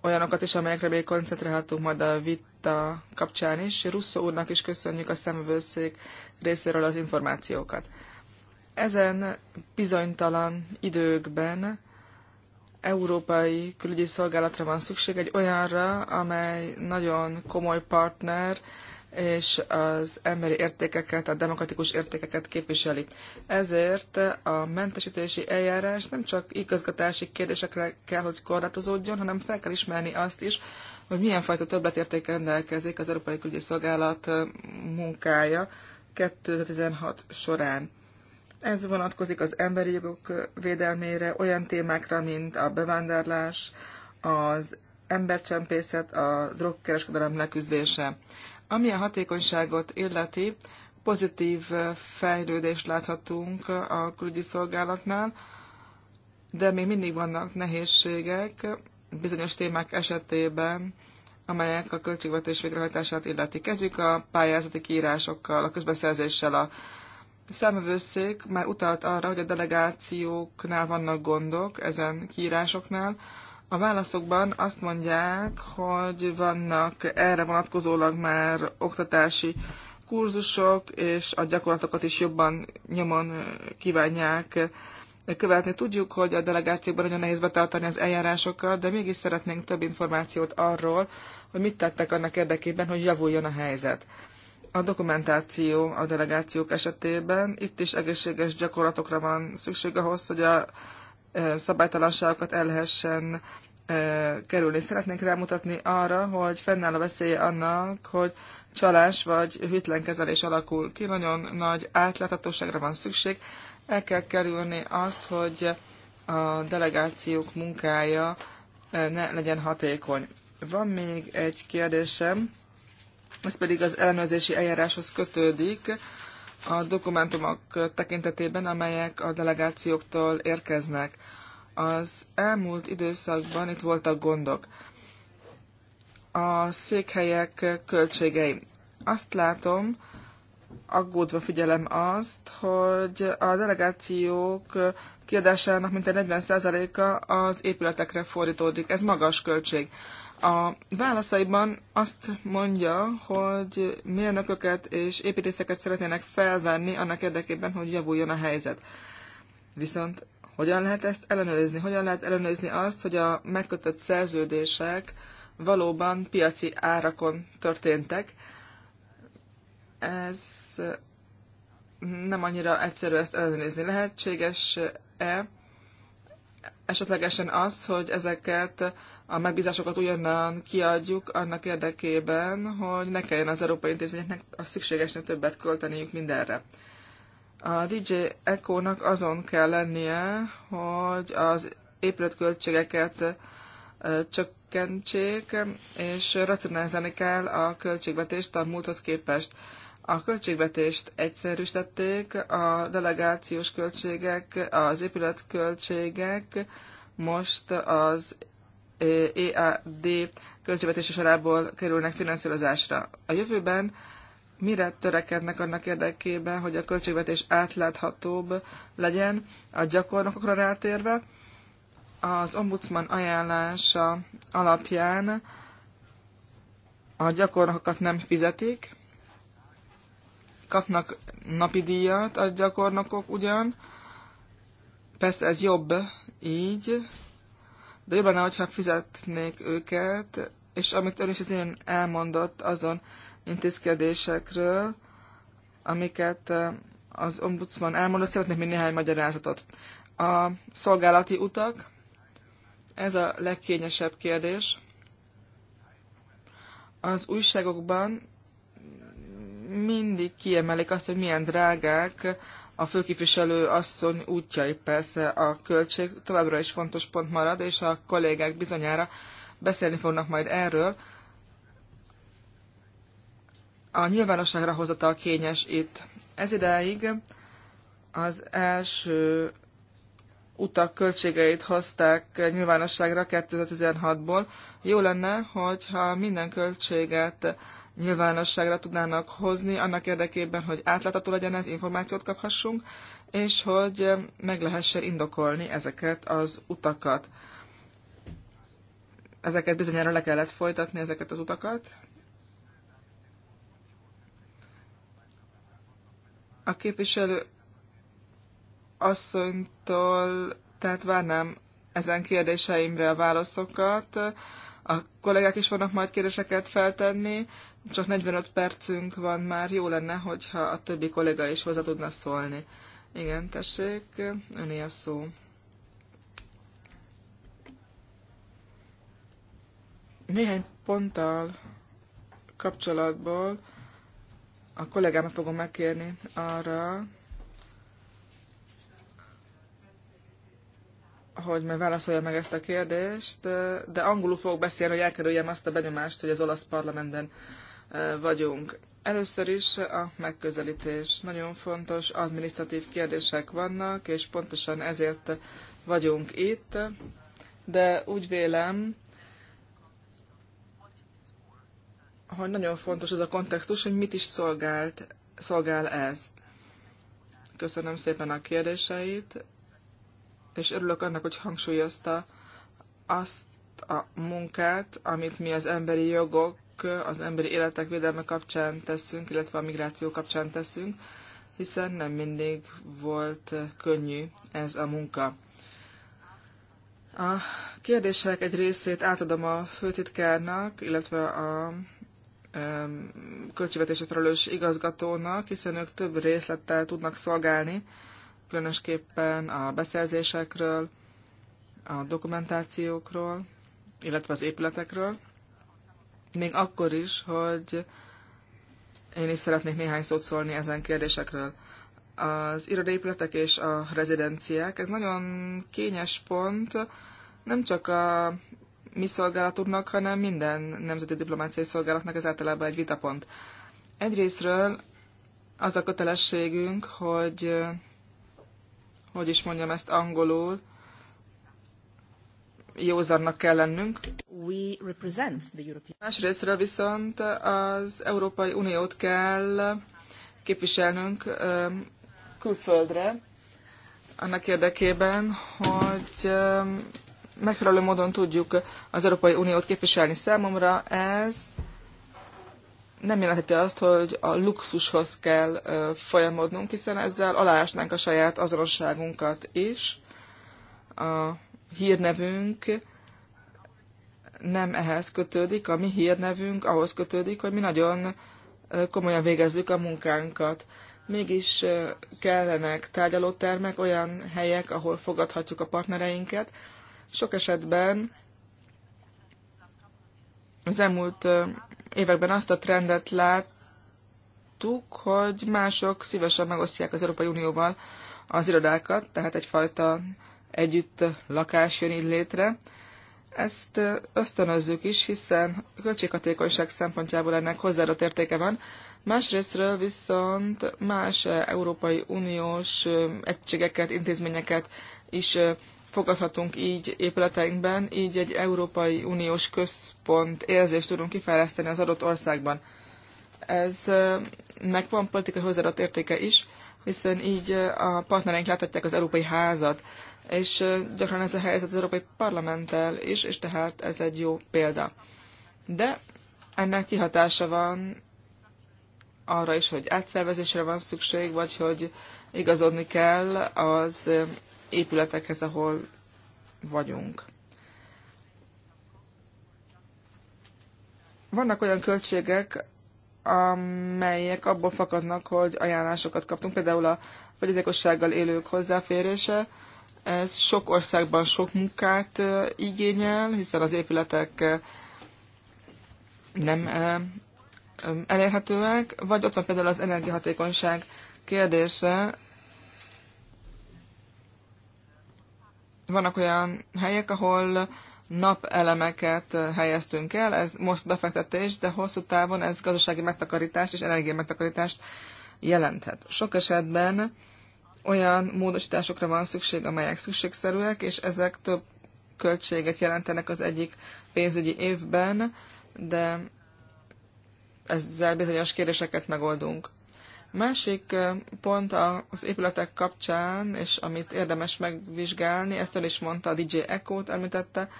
olyanokat is, amelyekre még koncentrálhatunk majd a vita kapcsán is. Russzó úrnak is köszönjük a szemvőszék részéről az információkat. Ezen bizonytalan időkben európai külügyi szolgálatra van szükség, egy olyanra, amely nagyon komoly partner, és az emberi értékeket, a demokratikus értékeket képviseli. Ezért a mentesítési eljárás nem csak igazgatási kérdésekre kell, hogy korlátozódjon, hanem fel kell ismerni azt is, hogy milyen fajta többletértékkel rendelkezik az Európai Külügyi Szolgálat munkája 2016 során. Ez vonatkozik az emberi jogok védelmére, olyan témákra, mint a bevándorlás, az embercsempészet, a drogkereskedelem leküzdése. Ami a hatékonyságot illeti, pozitív fejlődést láthatunk a külügyi szolgálatnál, de még mindig vannak nehézségek bizonyos témák esetében, amelyek a költségvetés végrehajtását illeti. Kezdjük a pályázati kiírásokkal, a közbeszerzéssel, a számövőszék már utalt arra, hogy a delegációknál vannak gondok, ezen kiírásoknál. A válaszokban azt mondják, hogy vannak erre vonatkozólag már oktatási kurzusok, és a gyakorlatokat is jobban nyomon kívánják követni. Tudjuk, hogy a delegációban nagyon nehéz betartani az eljárásokat, de mégis szeretnénk több információt arról, hogy mit tettek annak érdekében, hogy javuljon a helyzet a dokumentáció a delegációk esetében. Itt is egészséges gyakorlatokra van szükség ahhoz, hogy a e, szabálytalanságokat el lehessen e, kerülni. Szeretnék rámutatni arra, hogy fennáll a veszélye annak, hogy csalás vagy hűtlen kezelés alakul ki. Nagyon nagy átláthatóságra van szükség. El kell kerülni azt, hogy a delegációk munkája e, ne legyen hatékony. Van még egy kérdésem ez pedig az ellenőrzési eljáráshoz kötődik a dokumentumok tekintetében, amelyek a delegációktól érkeznek. Az elmúlt időszakban itt voltak gondok. A székhelyek költségei. Azt látom, aggódva figyelem azt, hogy a delegációk kiadásának mintegy 40%-a az épületekre fordítódik. Ez magas költség. A válaszaiban azt mondja, hogy mérnököket és építészeket szeretnének felvenni annak érdekében, hogy javuljon a helyzet. Viszont hogyan lehet ezt ellenőrizni? Hogyan lehet ellenőrizni azt, hogy a megkötött szerződések valóban piaci árakon történtek? Ez nem annyira egyszerű ezt ellenőrizni. Lehetséges-e esetlegesen az, hogy ezeket a megbízásokat ugyanan kiadjuk annak érdekében, hogy ne kelljen az európai intézményeknek a szükségesnek többet költeniük mindenre. A DJ Echo-nak azon kell lennie, hogy az épületköltségeket csökkentsék, és racionalizálni kell a költségvetést a múlthoz képest. A költségvetést egyszerűsítették, a delegációs költségek, az épületköltségek most az EAD költségvetési sorából kerülnek finanszírozásra. A jövőben mire törekednek annak érdekében, hogy a költségvetés átláthatóbb legyen a gyakornokokra rátérve. Az ombudsman ajánlása alapján a gyakornokokat nem fizetik, kapnak napi díjat a gyakornokok ugyan, persze ez jobb így, de jobb lenne, hogyha fizetnék őket, és amit ön is az én elmondott azon intézkedésekről, amiket eh, az ombudsman elmondott, szeretnék még néhány magyarázatot. A szolgálati utak, ez a legkényesebb kérdés. Az újságokban mindig kiemelik azt, hogy milyen drágák a főképviselő asszony útjai persze a költség továbbra is fontos pont marad, és a kollégák bizonyára beszélni fognak majd erről. A nyilvánosságra hozatal kényes itt. Ez idáig az első utak költségeit hozták nyilvánosságra 2016-ból. Jó lenne, hogyha minden költséget nyilvánosságra tudnának hozni, annak érdekében, hogy átlátható legyen ez, információt kaphassunk, és hogy meg lehessen indokolni ezeket az utakat. Ezeket bizonyára le kellett folytatni, ezeket az utakat. A képviselő asszonytól, tehát várnám ezen kérdéseimre a válaszokat. A kollégák is fognak majd kérdéseket feltenni, csak 45 percünk van már, jó lenne, hogyha a többi kollega is hozzá tudna szólni. Igen, tessék, öné a szó. Néhány ponttal kapcsolatból a kollégámat fogom megkérni arra, hogy majd válaszolja meg ezt a kérdést, de angolul fogok beszélni, hogy elkerüljem azt a benyomást, hogy az olasz parlamentben vagyunk. Először is a megközelítés. Nagyon fontos administratív kérdések vannak, és pontosan ezért vagyunk itt, de úgy vélem, hogy nagyon fontos ez a kontextus, hogy mit is szolgált, szolgál ez. Köszönöm szépen a kérdéseit, és örülök annak, hogy hangsúlyozta azt a munkát, amit mi az emberi jogok az emberi életek védelme kapcsán teszünk, illetve a migráció kapcsán teszünk, hiszen nem mindig volt könnyű ez a munka. A kérdések egy részét átadom a főtitkárnak, illetve a költségvetési felelős igazgatónak, hiszen ők több részlettel tudnak szolgálni, különösképpen a beszerzésekről, a dokumentációkról, illetve az épületekről még akkor is, hogy én is szeretnék néhány szót szólni ezen kérdésekről. Az irodépületek és a rezidenciák, ez nagyon kényes pont, nem csak a mi szolgálatunknak, hanem minden nemzeti diplomáciai szolgálatnak ez általában egy vitapont. Egyrésztről az a kötelességünk, hogy hogy is mondjam ezt angolul, józannak kell lennünk. We represent the European... viszont az Európai Uniót kell képviselnünk külföldre, annak érdekében, hogy megfelelő módon tudjuk az Európai Uniót képviselni számomra, ez nem jelentheti azt, hogy a luxushoz kell folyamodnunk, hiszen ezzel aláásnánk a saját azonosságunkat is. A hírnevünk nem ehhez kötődik, a mi hírnevünk ahhoz kötődik, hogy mi nagyon komolyan végezzük a munkánkat. Mégis kellenek tárgyalótermek, olyan helyek, ahol fogadhatjuk a partnereinket. Sok esetben az elmúlt években azt a trendet láttuk, hogy mások szívesen megosztják az Európai Unióval az irodákat, tehát egyfajta együtt lakás jön így létre. Ezt ösztönözzük is, hiszen a költséghatékonyság szempontjából ennek hozzáadott értéke van. Másrésztről viszont más Európai Uniós egységeket, intézményeket is fogadhatunk így épületeinkben, így egy Európai Uniós központ érzést tudunk kifejleszteni az adott országban. Ez meg van politikai hozzáadott értéke is, hiszen így a partnereink láthatják az európai házat és gyakran ez a helyzet az Európai Parlamenttel is, és tehát ez egy jó példa. De ennek kihatása van arra is, hogy átszervezésre van szükség, vagy hogy igazodni kell az épületekhez, ahol vagyunk. Vannak olyan költségek, amelyek abból fakadnak, hogy ajánlásokat kaptunk, például a fogyatékossággal élők hozzáférése, ez sok országban sok munkát igényel, hiszen az épületek nem elérhetőek, vagy ott van például az energiahatékonyság kérdése. Vannak olyan helyek, ahol napelemeket helyeztünk el, ez most befektetés, de hosszú távon ez gazdasági megtakarítást és energia megtakarítást jelenthet. Sok esetben olyan módosításokra van szükség, amelyek szükségszerűek, és ezek több költséget jelentenek az egyik pénzügyi évben, de ezzel bizonyos kérdéseket megoldunk. Másik pont az épületek kapcsán, és amit érdemes megvizsgálni, ezt is mondta, a DJ Echo-t említette,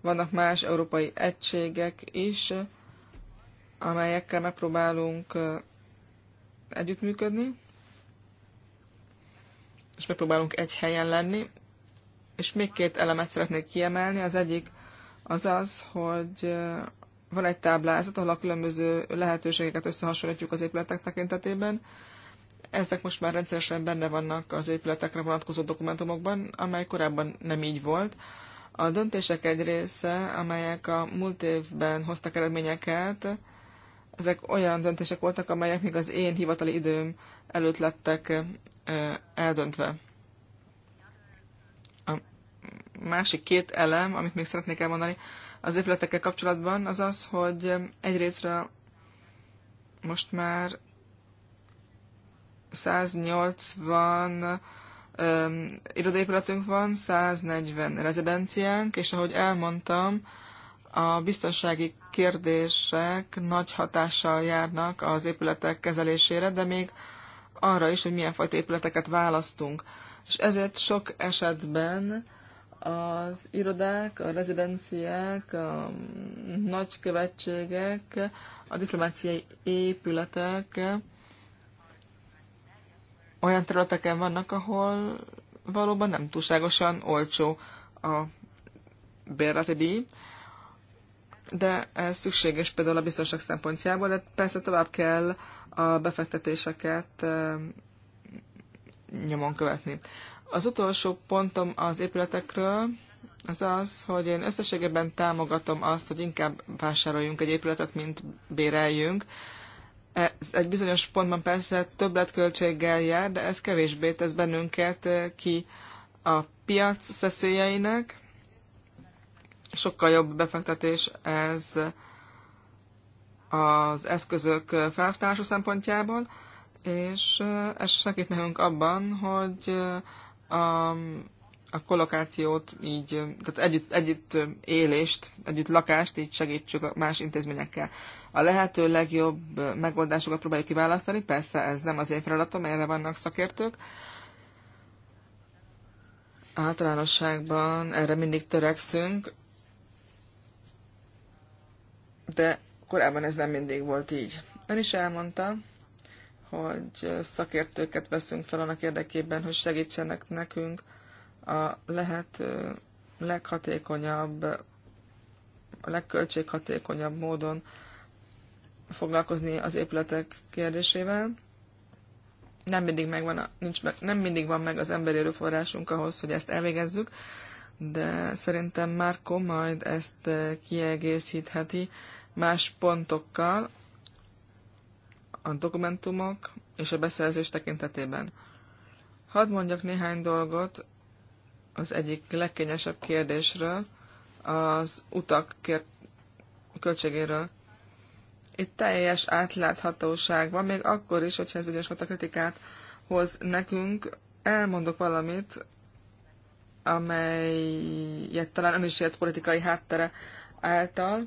vannak más európai egységek is, amelyekkel megpróbálunk együttműködni és megpróbálunk egy helyen lenni. És még két elemet szeretnék kiemelni. Az egyik az az, hogy van egy táblázat, ahol a különböző lehetőségeket összehasonlítjuk az épületek tekintetében. Ezek most már rendszeresen benne vannak az épületekre vonatkozó dokumentumokban, amely korábban nem így volt. A döntések egy része, amelyek a múlt évben hoztak eredményeket, ezek olyan döntések voltak, amelyek még az én hivatali időm előtt lettek eldöntve. A másik két elem, amit még szeretnék elmondani az épületekkel kapcsolatban, az az, hogy egyrésztről most már 180 um, irodaépületünk van, 140 rezidenciánk, és ahogy elmondtam, a biztonsági kérdések nagy hatással járnak az épületek kezelésére, de még arra is, hogy milyen fajta épületeket választunk. És ezért sok esetben az irodák, a rezidenciák, a nagykövetségek, a diplomáciai épületek olyan területeken vannak, ahol valóban nem túlságosan olcsó a bérleti díj, de ez szükséges például a biztonság szempontjából, de persze tovább kell a befektetéseket nyomon követni. Az utolsó pontom az épületekről az az, hogy én összességében támogatom azt, hogy inkább vásároljunk egy épületet, mint béreljünk. Ez egy bizonyos pontban persze többletköltséggel jár, de ez kevésbé tesz bennünket ki a piac szeszélyeinek, Sokkal jobb befektetés ez az eszközök felhasználása szempontjából, és ez segít nekünk abban, hogy a, a kolokációt így, tehát együtt, együtt élést, együtt lakást így segítsük más intézményekkel. A lehető legjobb megoldásokat próbáljuk kiválasztani, persze ez nem az én feladatom, erre vannak szakértők. Általánosságban erre mindig törekszünk, de korábban ez nem mindig volt így. Ön is elmondta, hogy szakértőket veszünk fel annak érdekében, hogy segítsenek nekünk a lehető leghatékonyabb, a legköltséghatékonyabb módon foglalkozni az épületek kérdésével. Nem mindig, megvan a, nincs meg, nem mindig van meg az emberi erőforrásunk ahhoz, hogy ezt elvégezzük, de szerintem Márko majd ezt eh, kiegészítheti más pontokkal a dokumentumok és a beszerzés tekintetében. Hadd mondjak néhány dolgot az egyik legkényesebb kérdésről, az utak kér- költségéről. Itt teljes átláthatóság van, még akkor is, hogyha ez bizonyos a kritikát hoz nekünk. Elmondok valamit amelyet talán ön is élt politikai háttere által.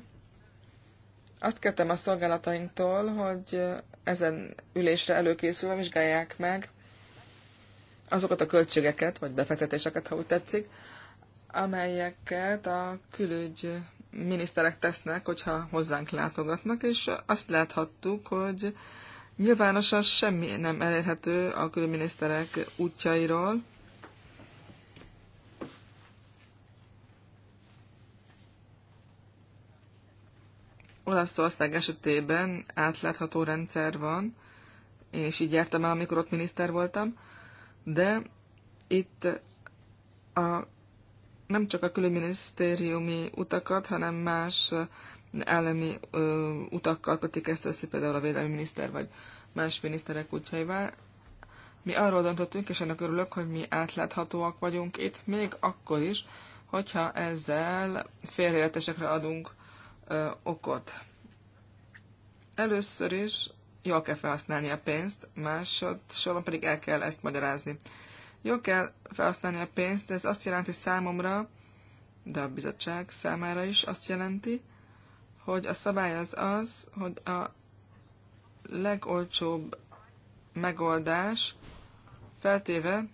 Azt kértem a szolgálatainktól, hogy ezen ülésre előkészülve vizsgálják meg azokat a költségeket, vagy befektetéseket, ha úgy tetszik, amelyeket a külügy miniszterek tesznek, hogyha hozzánk látogatnak, és azt láthattuk, hogy nyilvánosan semmi nem elérhető a külügyminiszterek útjairól, Olaszország esetében átlátható rendszer van, én is így jártam el, amikor ott miniszter voltam, de itt a, nem csak a külügyminisztériumi utakat, hanem más állami ö, utakkal kötik ezt össze, például a védelmi miniszter vagy más miniszterek útjaival. Mi arról döntöttünk, és ennek örülök, hogy mi átláthatóak vagyunk itt, még akkor is, hogyha ezzel félreértésekre adunk okot. Először is jól kell felhasználni a pénzt, másodszorban pedig el kell ezt magyarázni. Jól kell felhasználni a pénzt, ez azt jelenti számomra, de a bizottság számára is azt jelenti, hogy a szabály az az, hogy a legolcsóbb megoldás feltéve,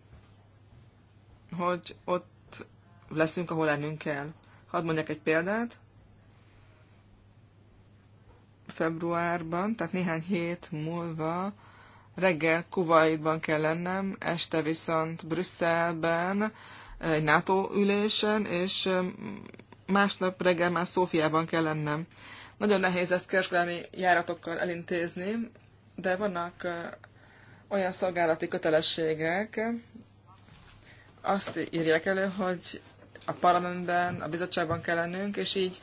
hogy ott leszünk, ahol lennünk kell. Hadd mondjak egy példát februárban, tehát néhány hét múlva reggel Kuwaitban kell lennem, este viszont Brüsszelben, eh, egy NATO ülésen, és eh, másnap reggel már Szófiában kell lennem. Nagyon nehéz ezt kereskedelmi járatokkal elintézni, de vannak eh, olyan szolgálati kötelességek, azt írják elő, hogy a parlamentben, a bizottságban kell lennünk, és így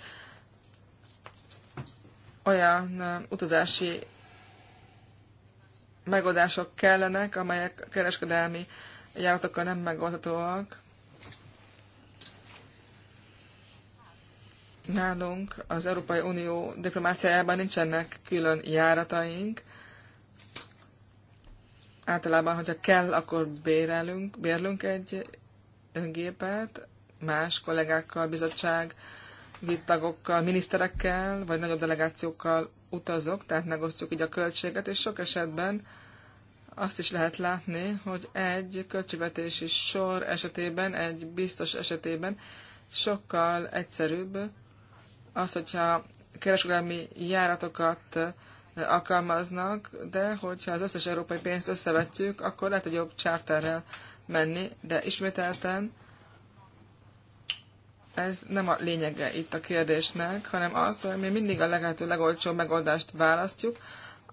olyan utazási megoldások kellenek, amelyek kereskedelmi járatokkal nem megoldhatóak. Nálunk az Európai Unió diplomáciájában nincsenek külön járataink. Általában, hogyha kell, akkor bérelünk, bérlünk egy gépet, más kollégákkal, bizottság, vittagokkal, miniszterekkel, vagy nagyobb delegációkkal utazok, tehát megosztjuk így a költséget, és sok esetben azt is lehet látni, hogy egy költségvetési sor esetében, egy biztos esetében sokkal egyszerűbb az, hogyha kereskedelmi járatokat alkalmaznak, de hogyha az összes európai pénzt összevetjük, akkor lehet, hogy jobb csárterrel menni, de ismételten ez nem a lényege itt a kérdésnek, hanem az, hogy mi mindig a lehető legolcsóbb megoldást választjuk,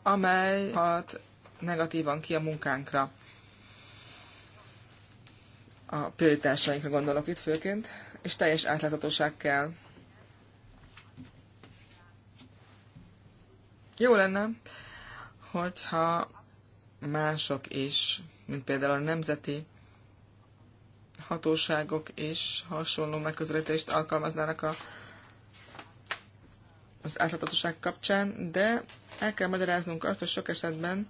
amely hat negatívan ki a munkánkra. A prioritásainkra gondolok itt főként, és teljes átláthatóság kell. Jó lenne, hogyha mások is, mint például a nemzeti hatóságok és hasonló megközelítést alkalmaznának a, az átláthatóság kapcsán, de el kell magyaráznunk azt, hogy sok esetben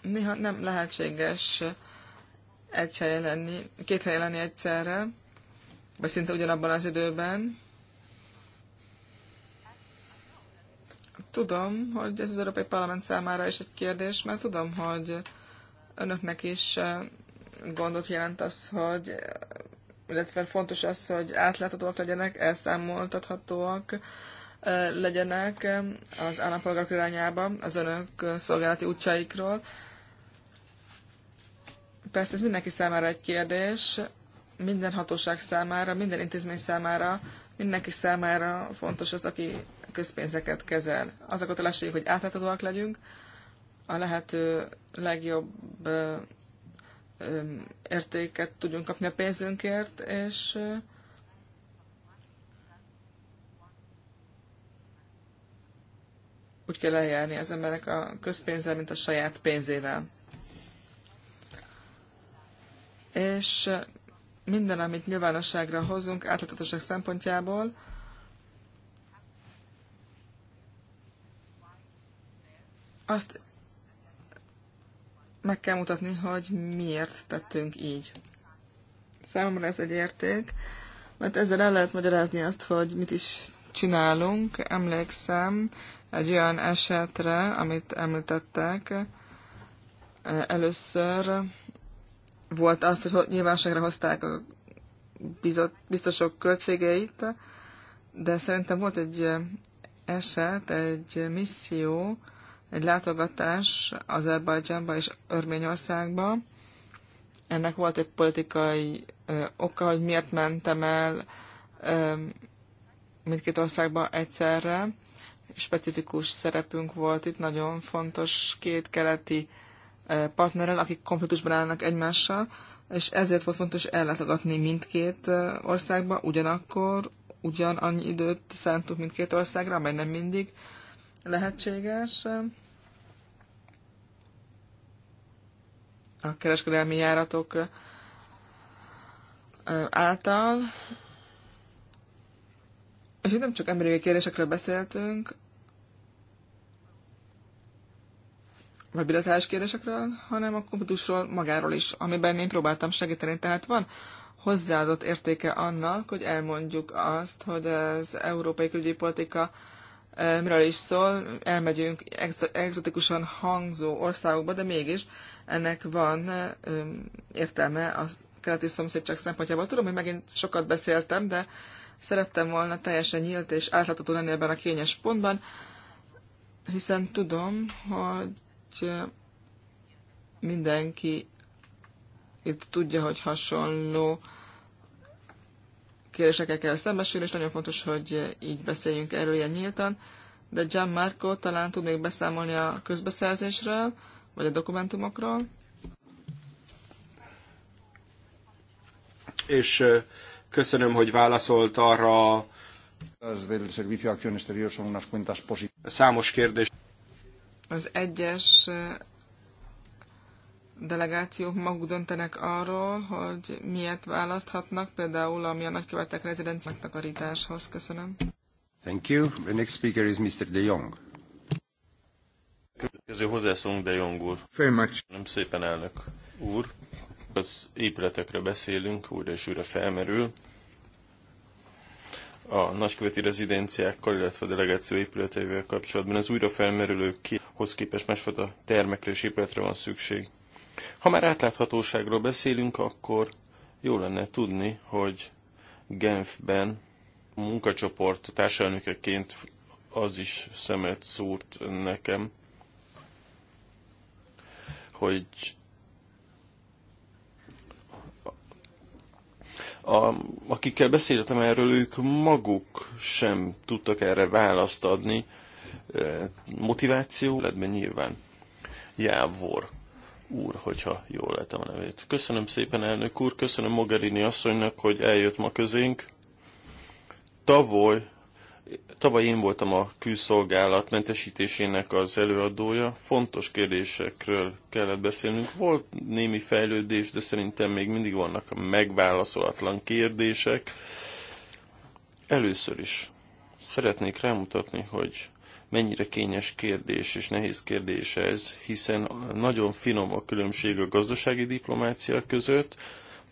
néha nem lehetséges egy helyen lenni, két helyen lenni egyszerre, vagy szinte ugyanabban az időben. Tudom, hogy ez az Európai Parlament számára is egy kérdés, mert tudom, hogy önöknek is gondot jelent az, hogy illetve fontos az, hogy átláthatóak legyenek, elszámoltathatóak legyenek az állampolgárok irányába, az önök szolgálati útjaikról. Persze ez mindenki számára egy kérdés, minden hatóság számára, minden intézmény számára, mindenki számára fontos az, aki közpénzeket kezel. Az a hogy átláthatóak legyünk, a lehető legjobb értéket tudjunk kapni a pénzünkért, és úgy kell eljárni az emberek a közpénzzel, mint a saját pénzével. És minden, amit nyilvánosságra hozunk átláthatóság szempontjából, azt meg kell mutatni, hogy miért tettünk így. Számomra ez egy érték, mert ezzel el lehet magyarázni azt, hogy mit is csinálunk. Emlékszem egy olyan esetre, amit említettek, először volt az, hogy nyilvánosságra hozták a biztosok költségeit, de szerintem volt egy eset, egy misszió, egy látogatás Azerbajdzsánba és Örményországba. Ennek volt egy politikai ö, oka, hogy miért mentem el ö, mindkét országba egyszerre. Specifikus szerepünk volt itt, nagyon fontos két keleti ö, partnerrel, akik konfliktusban állnak egymással, és ezért volt fontos ellátogatni mindkét ö, országba, ugyanakkor ugyanannyi időt szántuk mindkét országra, amely nem mindig. Ö, lehetséges. A kereskedelmi járatok által. És itt nem csak emberi kérdésekről beszéltünk, vagy bilatális kérdésekről, hanem a konfliktusról magáról is, amiben én próbáltam segíteni. Tehát van hozzáadott értéke annak, hogy elmondjuk azt, hogy az európai külügyi politika miről is szól, elmegyünk egzotikusan hangzó országokba, de mégis ennek van értelme a keleti szomszédság szempontjából. Tudom, hogy megint sokat beszéltem, de szerettem volna teljesen nyílt és átlátható lenni ebben a kényes pontban, hiszen tudom, hogy mindenki itt tudja, hogy hasonló kérdésekkel kell szembesülni, és nagyon fontos, hogy így beszéljünk erről ilyen nyíltan. De Gianmarco talán tud még beszámolni a közbeszerzésről, vagy a dokumentumokról. És köszönöm, hogy válaszolt arra Számos kérdés. Az egyes delegációk maguk döntenek arról, hogy miért választhatnak, például ami a nagykövetek rezidenci megtakarításhoz. Köszönöm. Thank you. The next speaker is Mr. De Jong. Következő hozzászólunk De Jong úr. Very much. Nem szépen elnök úr. Az épületekre beszélünk, újra és újra felmerül. A nagyköveti rezidenciákkal, illetve a delegáció épületeivel kapcsolatban az újra felmerülő hoz képest másfajta termekre és épületre van szükség. Ha már átláthatóságról beszélünk, akkor jó lenne tudni, hogy Genfben munkacsoport társelnökeként az is szemet szúrt nekem, hogy a, akikkel beszéltem erről, ők maguk sem tudtak erre választ adni, eh, motiváció, illetve nyilván jávor úr, hogyha jól lehetem a nevét. Köszönöm szépen, elnök úr, köszönöm Mogherini asszonynak, hogy eljött ma közénk. Tavaly, tavaly én voltam a külszolgálat mentesítésének az előadója. Fontos kérdésekről kellett beszélnünk. Volt némi fejlődés, de szerintem még mindig vannak megválaszolatlan kérdések. Először is szeretnék rámutatni, hogy Mennyire kényes kérdés és nehéz kérdés ez, hiszen nagyon finom a különbség a gazdasági diplomácia között,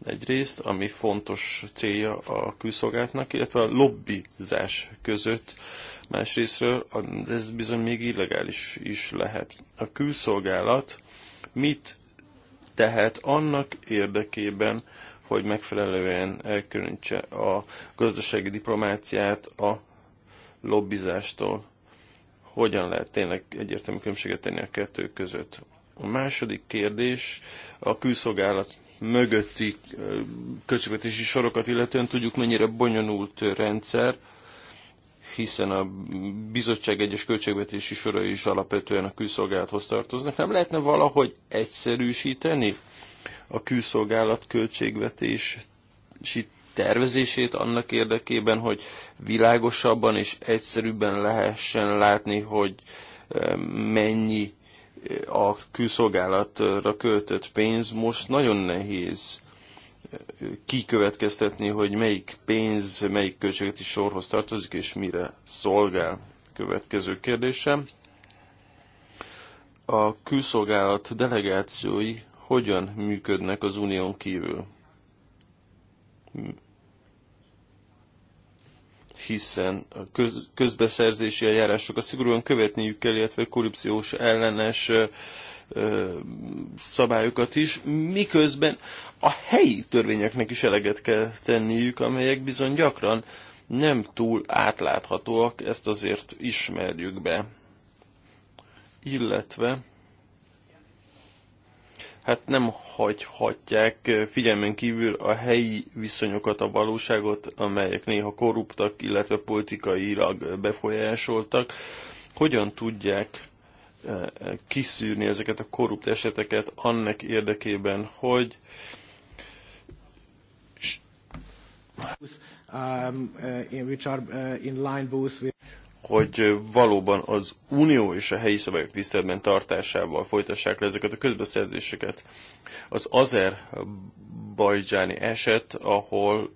egyrészt, ami fontos célja a külszolgálatnak, illetve a lobbizás között, másrésztről ez bizony még illegális is lehet. A külszolgálat mit tehet annak érdekében, hogy megfelelően elkülönítse a gazdasági diplomáciát a lobbizástól hogyan lehet tényleg egyértelmű különbséget tenni a kettő között. A második kérdés a külszolgálat mögötti költségvetési sorokat illetően tudjuk, mennyire bonyolult rendszer, hiszen a bizottság egyes költségvetési sorai is alapvetően a külszolgálathoz tartoznak. Nem lehetne valahogy egyszerűsíteni a külszolgálat költségvetési tervezését annak érdekében, hogy világosabban és egyszerűbben lehessen látni, hogy mennyi a külszolgálatra költött pénz. Most nagyon nehéz kikövetkeztetni, hogy melyik pénz, melyik költségeti sorhoz tartozik, és mire szolgál. Következő kérdésem. A külszolgálat delegációi hogyan működnek az unión kívül? hiszen a köz, közbeszerzési eljárásokat szigorúan követniük kell, illetve korrupciós ellenes szabályokat is, miközben a helyi törvényeknek is eleget kell tenniük, amelyek bizony gyakran nem túl átláthatóak, ezt azért ismerjük be. Illetve hát nem hagyhatják figyelmen kívül a helyi viszonyokat, a valóságot, amelyek néha korruptak, illetve politikailag befolyásoltak. Hogyan tudják kiszűrni ezeket a korrupt eseteket annak érdekében, hogy um, uh, which are uh, in line both with hogy valóban az unió és a helyi szabályok tiszteletben tartásával folytassák le ezeket a közbeszerzéseket. Az bajdzsáni eset, ahol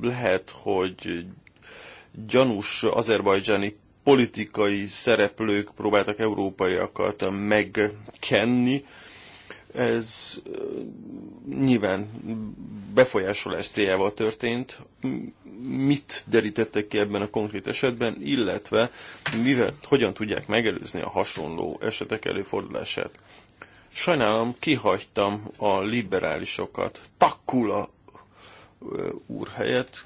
lehet, hogy gyanús azerbajdzsáni politikai szereplők próbáltak európaiakat megkenni, ez nyilván befolyásolás céljával történt, mit derítettek ki ebben a konkrét esetben, illetve mivel, hogyan tudják megelőzni a hasonló esetek előfordulását. Sajnálom, kihagytam a liberálisokat. Takkula úr helyett.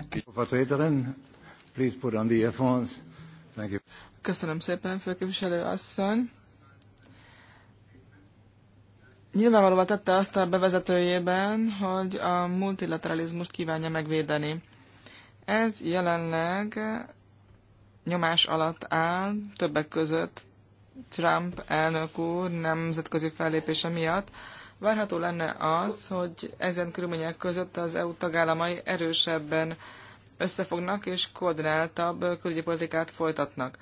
Köszönöm szépen, főképviselő asszony nyilvánvalóan tette azt a bevezetőjében, hogy a multilateralizmust kívánja megvédeni. Ez jelenleg nyomás alatt áll, többek között Trump elnök úr nemzetközi fellépése miatt. Várható lenne az, hogy ezen körülmények között az EU tagállamai erősebben összefognak és koordináltabb politikát folytatnak.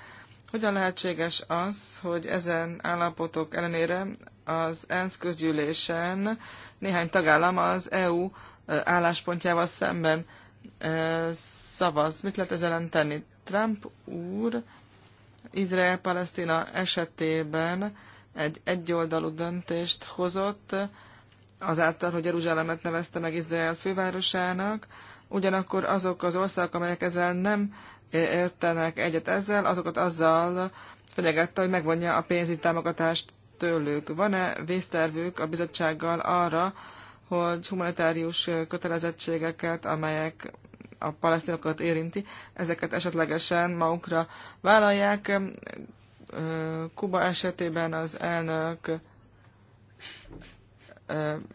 Hogyan lehetséges az, hogy ezen állapotok ellenére az ENSZ közgyűlésen néhány tagállam az EU álláspontjával szemben szavaz. Mit lehet ezzel tenni? Trump úr Izrael-Palesztina esetében egy egyoldalú döntést hozott, azáltal, hogy Jeruzsálemet nevezte meg Izrael fővárosának, ugyanakkor azok az országok, amelyek ezzel nem értenek egyet ezzel, azokat azzal fenyegette, hogy megvonja a pénzügyi támogatást tőlük. Van-e vésztervük a bizottsággal arra, hogy humanitárius kötelezettségeket, amelyek a palesztinokat érinti, ezeket esetlegesen magukra vállalják. Kuba esetében az elnök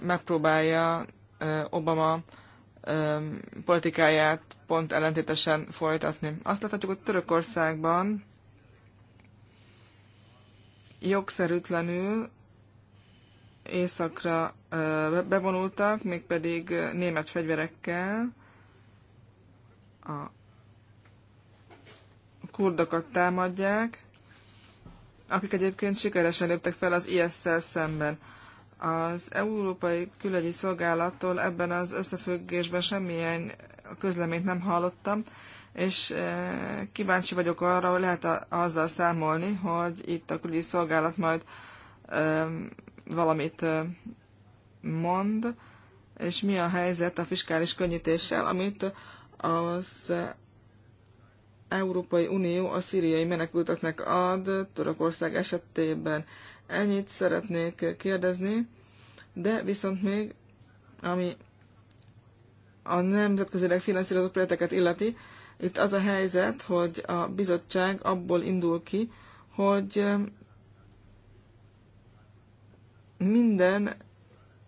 megpróbálja Obama politikáját pont ellentétesen folytatni. Azt láthatjuk, hogy Törökországban jogszerűtlenül északra bevonultak, mégpedig német fegyverekkel a kurdokat támadják, akik egyébként sikeresen léptek fel az IS-szel szemben. Az Európai Külügyi Szolgálattól ebben az összefüggésben semmilyen közleményt nem hallottam, és eh, kíváncsi vagyok arra, hogy lehet azzal számolni, hogy itt a külügyi szolgálat majd valamit eh, mond, és mi a helyzet a fiskális könnyítéssel, amit az Európai Unió a szíriai menekülteknek ad Törökország esetében. Ennyit szeretnék kérdezni, de viszont még, ami a nemzetközileg finanszírozott projekteket illeti, itt az a helyzet, hogy a bizottság abból indul ki, hogy minden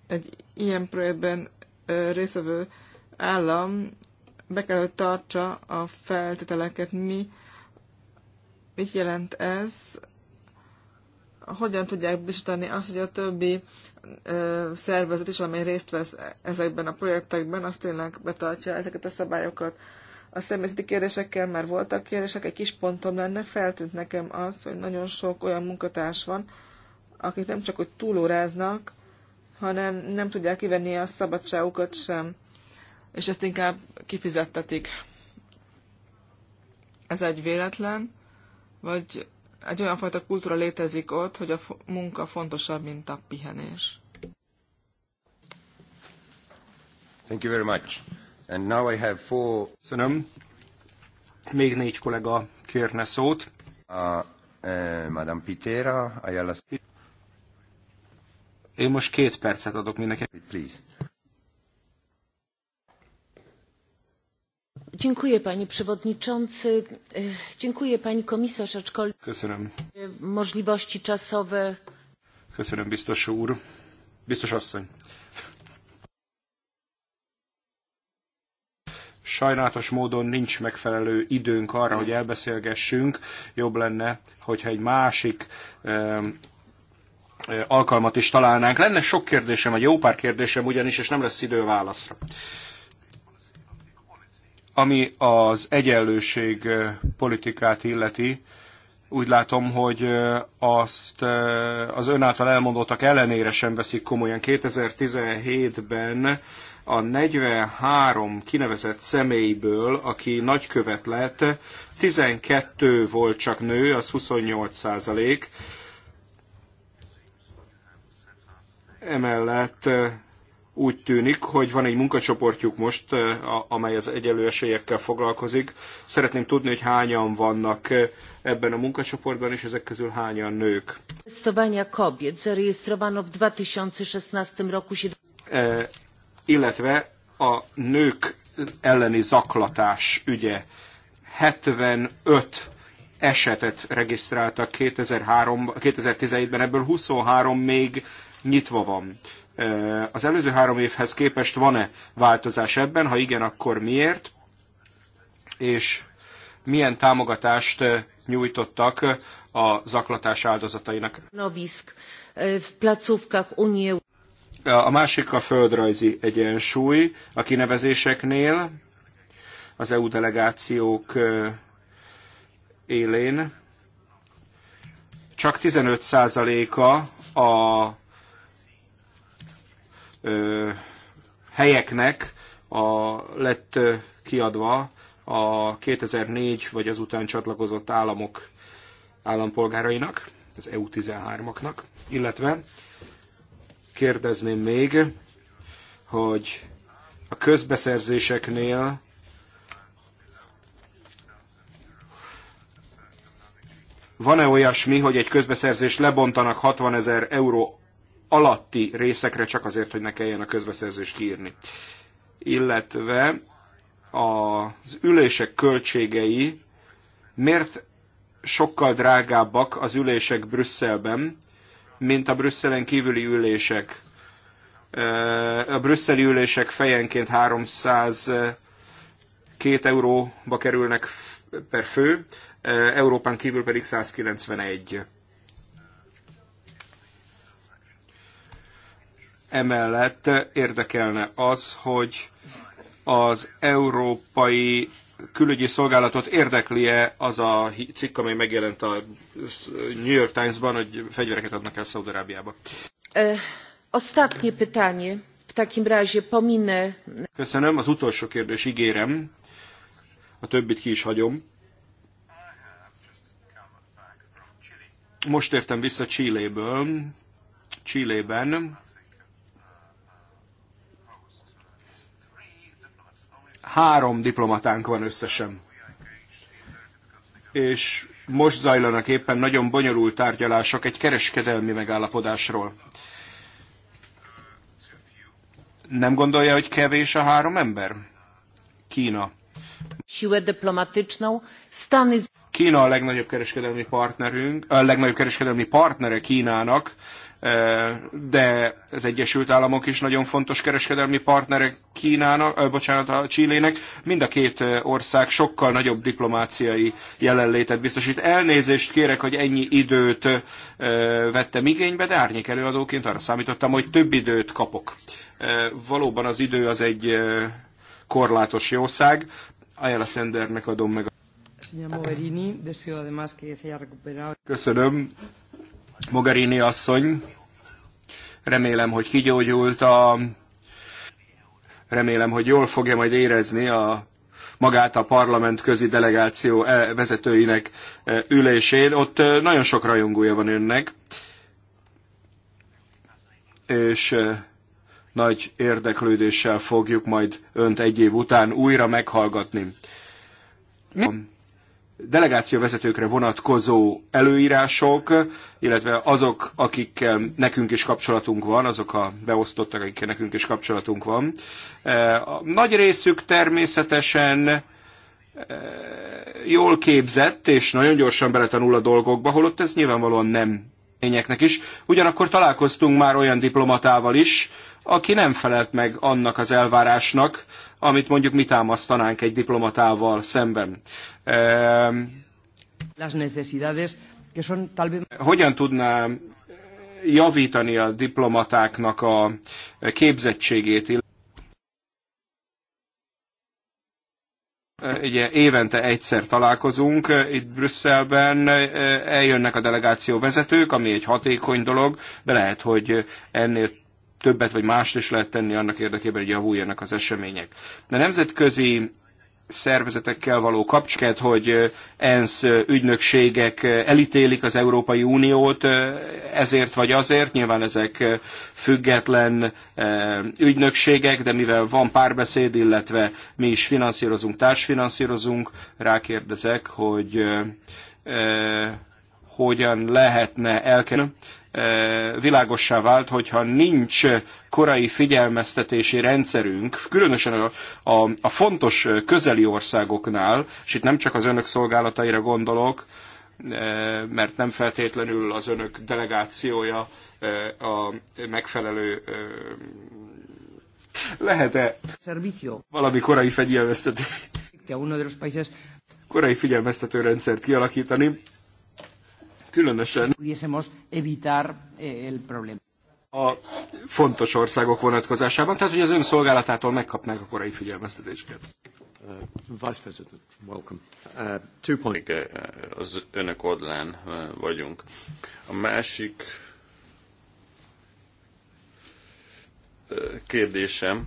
egy ilyen projektben részvevő állam be kell, hogy tartsa a feltételeket. Mi, mit jelent ez? Hogyan tudják biztosítani azt, hogy a többi ö, szervezet is, amely részt vesz ezekben a projektekben, azt tényleg betartja ezeket a szabályokat? a személyzeti kérdésekkel már voltak kérdések, egy kis pontom lenne, feltűnt nekem az, hogy nagyon sok olyan munkatárs van, akik nem csak hogy túlóráznak, hanem nem tudják kivenni a szabadságukat sem, és ezt inkább kifizettetik. Ez egy véletlen, vagy egy olyan fajta kultúra létezik ott, hogy a munka fontosabb, mint a pihenés. Thank you very much. And now I have four... Köszönöm. Még négy kollega kérne szót. A, e, Madame Pitera, Ayala... Én most két percet adok mindenki. Please. Dziękuję panie przewodniczący, e, dziękuję pani komisarz, aczkolwiek Köszönöm. E, możliwości czasowe. Köszönöm biztos úr, biztos asszony. sajnálatos módon nincs megfelelő időnk arra, hogy elbeszélgessünk. Jobb lenne, hogyha egy másik eh, alkalmat is találnánk. Lenne sok kérdésem, vagy jó pár kérdésem ugyanis, és nem lesz idő válaszra. Ami az egyenlőség eh, politikát illeti, úgy látom, hogy eh, azt az ön által elmondottak ellenére sem veszik komolyan. 2017-ben a 43 kinevezett személyből, aki nagykövet lett, 12 volt csak nő, az 28 százalék. Emellett úgy tűnik, hogy van egy munkacsoportjuk most, amely az egyenlő esélyekkel foglalkozik. Szeretném tudni, hogy hányan vannak ebben a munkacsoportban, és ezek közül hányan nők. Testowania kobiet 2016 roku e, illetve a nők elleni zaklatás ügye. 75 esetet regisztráltak 2003, 2017-ben, ebből 23 még nyitva van. Az előző három évhez képest van-e változás ebben? Ha igen, akkor miért? És milyen támogatást nyújtottak a zaklatás áldozatainak? Novisk w placówkach Unii a másik a földrajzi egyensúly a kinevezéseknél, az EU delegációk élén. Csak 15%-a a ö, helyeknek a, lett kiadva a 2004 vagy azután csatlakozott államok állampolgárainak, az EU 13-aknak, illetve kérdezném még, hogy a közbeszerzéseknél van-e olyasmi, hogy egy közbeszerzés lebontanak 60 ezer euró alatti részekre, csak azért, hogy ne kelljen a közbeszerzést írni. Illetve az ülések költségei miért sokkal drágábbak az ülések Brüsszelben, mint a Brüsszelen kívüli ülések. A brüsszeli ülések fejenként 302 euróba kerülnek per fő, Európán kívül pedig 191. Emellett érdekelne az, hogy az európai külügyi szolgálatot érdekli-e az a cikk, amely megjelent a New York Times-ban, hogy fegyvereket adnak el Szaudarábiába? E, ostatnie pytanie. W takim razie pominę. Köszönöm, az utolsó kérdés ígérem. A többit ki is hagyom. Most értem vissza Chiléből. Chilében. Három diplomatánk van összesen. És most zajlanak éppen nagyon bonyolult tárgyalások egy kereskedelmi megállapodásról. Nem gondolja, hogy kevés a három ember? Kína. Siłę Stany Kína a legnagyobb kereskedelmi partnerünk, a legnagyobb kereskedelmi partnere Kínának, e, de az Egyesült Államok is nagyon fontos kereskedelmi partnere Kínának, bocsánat, a Csillének. Mind a két ország sokkal nagyobb diplomáciai jelenlétet biztosít. Elnézést kérek, hogy ennyi időt vettem igénybe, de árnyék előadóként arra számítottam, hogy több időt kapok. E, valóban az idő az egy korlátos jószág. Ajala Szendernek adom meg Köszönöm, Mogherini asszony. Remélem, hogy kigyógyult a... Remélem, hogy jól fogja majd érezni a magát a parlament közi delegáció eh, vezetőinek eh, ülésén. Ott eh, nagyon sok rajongója van önnek, és nagy érdeklődéssel fogjuk majd önt egy év után újra meghallgatni. Mi? delegációvezetőkre vonatkozó előírások, illetve azok, akikkel nekünk is kapcsolatunk van, azok a beosztottak, akikkel nekünk is kapcsolatunk van. E, a nagy részük természetesen e, jól képzett, és nagyon gyorsan beletanul a dolgokba, holott ez nyilvánvalóan nem lényeknek is. Ugyanakkor találkoztunk már olyan diplomatával is, aki nem felelt meg annak az elvárásnak, amit mondjuk mi támasztanánk egy diplomatával szemben. Ehm, hogyan tudná javítani a diplomatáknak a képzettségét? Ugye évente egyszer találkozunk eh, itt Brüsszelben, eh, eljönnek a delegáció vezetők, ami egy hatékony dolog, de lehet, hogy ennél többet vagy mást is lehet tenni annak érdekében, hogy javuljanak az események. De nemzetközi szervezetekkel való kapcsolat, hogy ENSZ ügynökségek elítélik az Európai Uniót ezért vagy azért, nyilván ezek független ügynökségek, de mivel van párbeszéd, illetve mi is finanszírozunk, társfinanszírozunk, rákérdezek, hogy hogyan lehetne elkerülni világossá vált, hogyha nincs korai figyelmeztetési rendszerünk, különösen a, a, a fontos közeli országoknál, és itt nem csak az önök szolgálataira gondolok, mert nem feltétlenül az önök delegációja a megfelelő lehet-e valami korai figyelmeztető, korai figyelmeztető rendszert kialakítani, Különösen eh, a fontos országok vonatkozásában, tehát hogy az ön szolgálatától megkapnák a korai figyelmeztetéseket. Uh, Vice President, welcome. Uh, two point. Az önök oldalán vagyunk. A másik kérdésem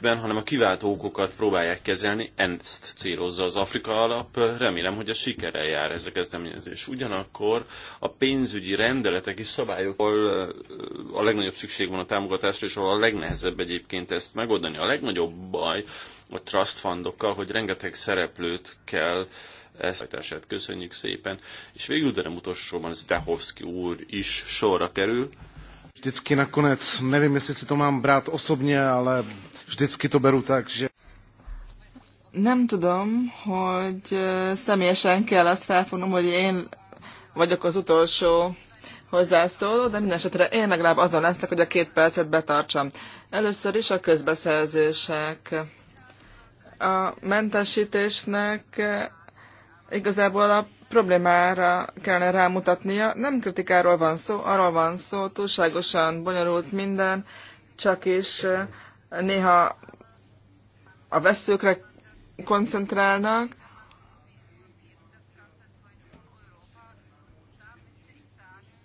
hanem a kiváltó okokat próbálják kezelni, ezt célozza az Afrika alap, remélem, hogy a sikerrel jár ez a kezdeményezés. Ugyanakkor a pénzügyi rendeletek és szabályok, ahol a legnagyobb szükség van a támogatásra, és ahol a legnehezebb egyébként ezt megoldani. A legnagyobb baj a trust fundokkal, hogy rengeteg szereplőt kell ezt köszönjük szépen. És végül, de nem utolsóban, Zdehovszki úr is sorra kerül. Vždycky nakonec, nevím, jestli si to mám brát osobně, ale vždycky to beru tak, že... Nem tudom, hogy személyesen kell azt felfognom, hogy én vagyok az utolsó hozzászóló, de minden esetre én legalább azon leszek, hogy a két percet betartsam. Először is a közbeszerzések. A mentesítésnek igazából a problémára kellene rámutatnia. Nem kritikáról van szó, arról van szó, túlságosan bonyolult minden, csak is néha a veszőkre koncentrálnak,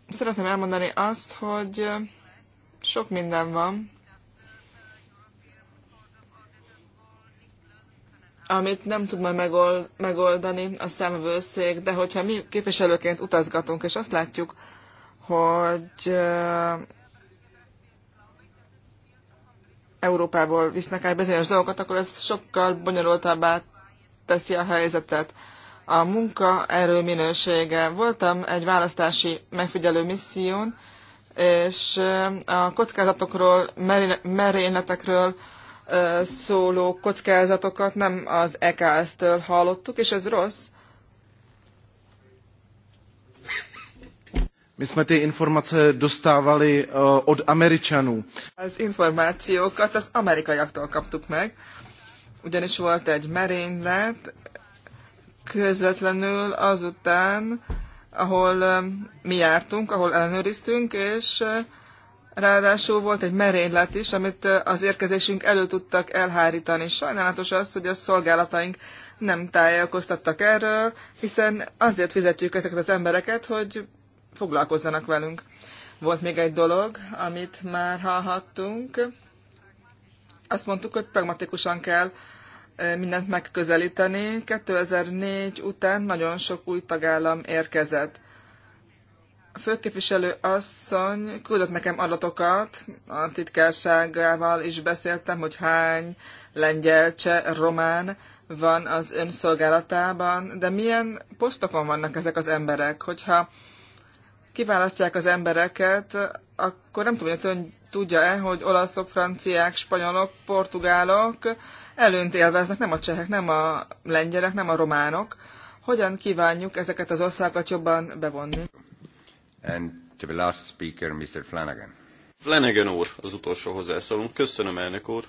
szeretném elmondani azt, hogy sok minden van, amit nem tud majd megoldani a szemvőszék, de hogyha mi képviselőként utazgatunk, és azt látjuk, hogy Európából visznek el bizonyos dolgokat, akkor ez sokkal bonyolultabbá teszi a helyzetet. A munka erő minősége. Voltam egy választási megfigyelő misszión, és a kockázatokról, merényletekről szóló kockázatokat nem az EKS-től hallottuk, és ez rossz, My jsme ty informace dostávali eh, od Američanů. Az információkat az amerikaiaktól kaptuk meg, ugyanis volt egy merénylet közvetlenül azután, ahol eh, mi jártunk, ahol ellenőriztünk, és eh, ráadásul volt egy merénylet is, amit az érkezésünk elő tudtak elhárítani. Sajnálatos az, hogy a szolgálataink nem tájékoztattak erről, hiszen azért fizetjük ezeket az embereket, hogy foglalkozzanak velünk. Volt még egy dolog, amit már hallhattunk. Azt mondtuk, hogy pragmatikusan kell mindent megközelíteni. 2004 után nagyon sok új tagállam érkezett. A főképviselő asszony küldött nekem adatokat, a titkárságával is beszéltem, hogy hány lengyel, cseh, román van az önszolgálatában, de milyen posztokon vannak ezek az emberek, hogyha kiválasztják az embereket, akkor nem tudom, hogy tudja-e, hogy olaszok, franciák, spanyolok, portugálok előnt élveznek, nem a csehek, nem a lengyelek, nem a románok. Hogyan kívánjuk ezeket az országokat jobban bevonni? And to the last speaker, Mr. Flanagan. Flanagan úr, az utolsó hozzászólunk. Köszönöm, elnök úr.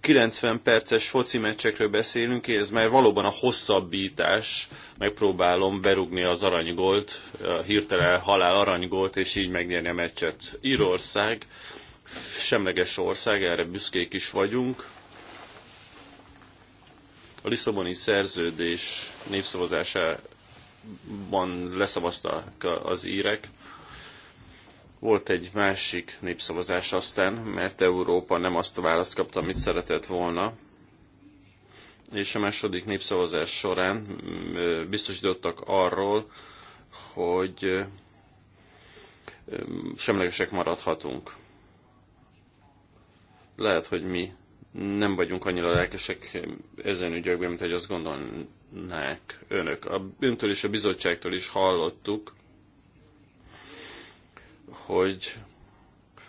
90 perces foci meccsekről beszélünk, és ez már valóban a hosszabbítás. Megpróbálom berugni az aranygolt, hirtelen halál aranygolt, és így megnyerni a meccset. Írország, semleges ország, erre büszkék is vagyunk. A Lisszaboni szerződés népszavazásában leszavaztak az írek, volt egy másik népszavazás aztán, mert Európa nem azt a választ kapta, amit szeretett volna, és a második népszavazás során mm, biztosítottak arról, hogy semlegesek maradhatunk. Lehet, hogy mi nem vagyunk annyira lelkesek ezen ügyekben, mint hogy azt gondolnák önök. A bűntől és a bizottságtól is hallottuk, hogy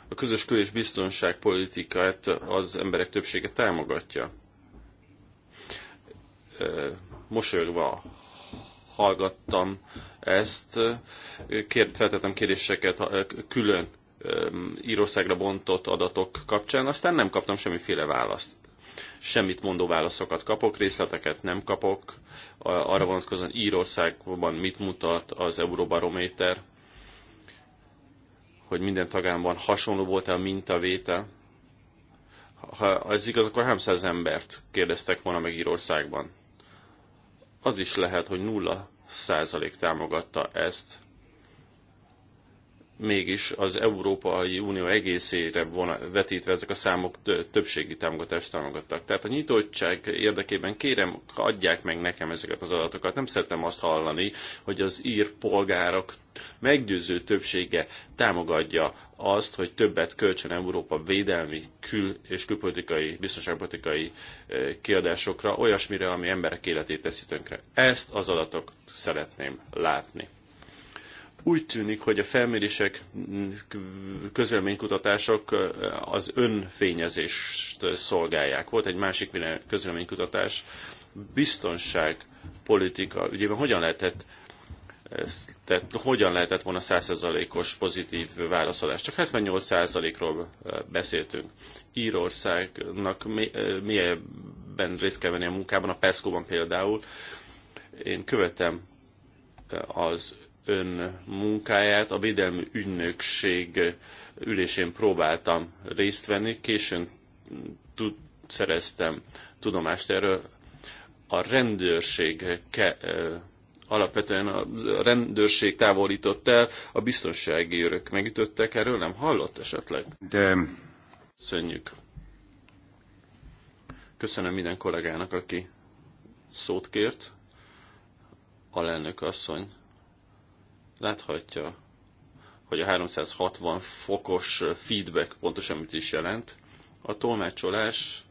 a közös kül- és biztonságpolitikát az emberek többsége támogatja. Mosolyogva hallgattam ezt, kért, feltettem kérdéseket külön Írországra bontott adatok kapcsán, aztán nem kaptam semmiféle választ. Semmit mondó válaszokat kapok, részleteket nem kapok, arra vonatkozóan Írországban mit mutat az Euróbarométer, hogy minden tagállamban hasonló volt-e a mintavétel. Ha ez igaz, akkor 300 embert kérdeztek volna meg Írországban. Az is lehet, hogy nulla százalék támogatta ezt, mégis az Európai Unió egészére vetítve ezek a számok többségi támogatást támogattak. Tehát a nyitottság érdekében kérem, adják meg nekem ezeket az adatokat. Nem szeretem azt hallani, hogy az ír polgárok meggyőző többsége támogatja azt, hogy többet költsön Európa védelmi, kül- és külpolitikai, biztonságpolitikai eh, kiadásokra, olyasmire, ami emberek életét teszi tönkre. Ezt az adatok szeretném látni. Úgy tűnik, hogy a felmérések, mm, közleménykutatások az önfényezést szolgálják. Volt egy másik közleménykutatás, biztonságpolitika ügyében hogyan lehetett tehát hogyan lehetett volna 100%-os pozitív válaszadás? Csak 78%-ról beszéltünk. Írországnak mélyebben részt kell venni a munkában, a PESCO-ban például. Én követem az ön munkáját. A védelmi ügynökség ülésén próbáltam részt venni, későn tud, szereztem tudomást erről. A rendőrség ke, alapvetően a rendőrség távolított el, a biztonsági őrök megütöttek, erről nem hallott esetleg? De... Szönjük. Köszönöm minden kollégának, aki szót kért. Alelnök asszony. Láthatja, hogy a 360 fokos feedback pontosan mit is jelent. A tolmácsolás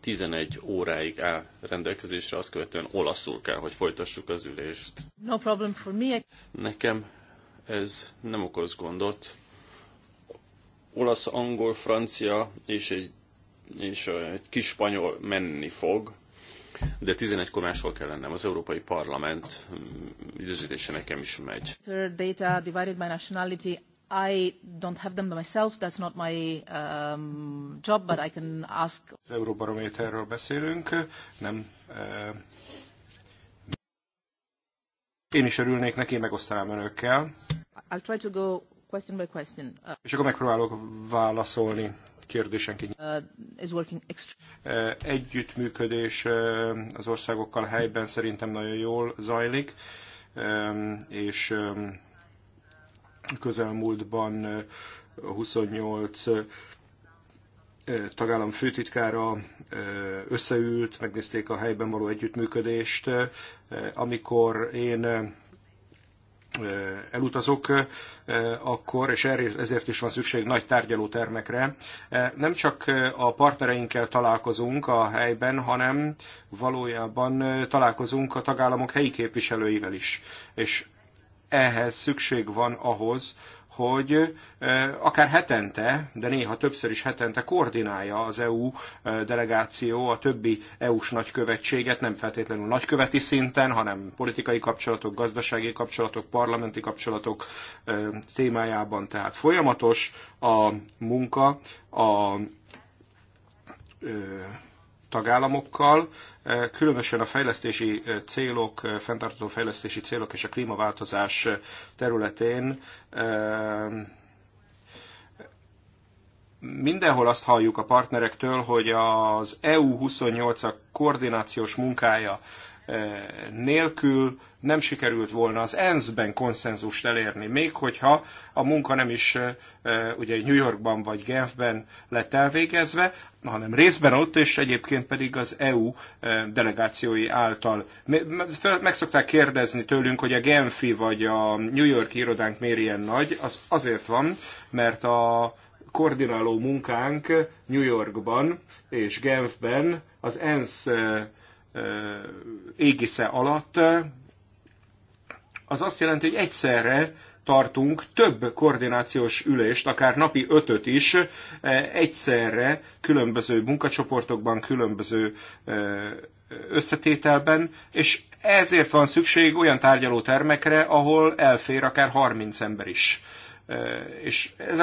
11 óráig áll rendelkezésre, azt követően olaszul kell, hogy folytassuk az ülést. No problem for me. Nekem ez nem okoz gondot. Olasz, angol, francia és egy, és egy kis spanyol menni fog de 11-kor máshol kell lennem. Az Európai Parlament mm, időzítése nekem is megy. Data divided by nationality. I don't have them myself, that's not my um, job, but I can ask. Az Euróbarométerről beszélünk, nem... Uh, én is örülnék neki, megosztanám önökkel. I'll try to go question by question. Uh, És akkor megpróbálok válaszolni kérdésenként. Uh, uh Együttműködés uh, az országokkal helyben szerintem nagyon jól zajlik, um, és um, közelmúltban 28 uh, tagállam főtitkára összeült, megnézték a helyben való együttműködést. Amikor én elutazok, akkor, és ezért is van szükség nagy tárgyalótermekre, nem csak a partnereinkkel találkozunk a helyben, hanem valójában találkozunk a tagállamok helyi képviselőivel is. És ehhez szükség van ahhoz, hogy akár hetente, de néha többször is hetente koordinálja az EU delegáció a többi EU-s nagykövetséget, nem feltétlenül nagyköveti szinten, hanem politikai kapcsolatok, gazdasági kapcsolatok, parlamenti kapcsolatok témájában. Tehát folyamatos a munka, a tagállamokkal, eh, különösen a fejlesztési eh, célok, eh, fenntartó fejlesztési célok és a klímaváltozás területén mindenhol azt halljuk a partnerektől, hogy az EU 28 a koordinációs munkája nélkül nem sikerült volna az ENSZ-ben konszenzust elérni, még hogyha a munka nem is ugye New Yorkban vagy Genfben lett elvégezve, hanem részben ott, és egyébként pedig az EU delegációi által. Meg szokták kérdezni tőlünk, hogy a Genfi vagy a New York irodánk miért ilyen nagy, az azért van, mert a koordináló munkánk New Yorkban és Genfben az ENSZ égisze alatt, az azt jelenti, hogy egyszerre tartunk több koordinációs ülést, akár napi ötöt is, egyszerre különböző munkacsoportokban, különböző összetételben, és ezért van szükség olyan tárgyalótermekre, ahol elfér akár 30 ember is. És ez a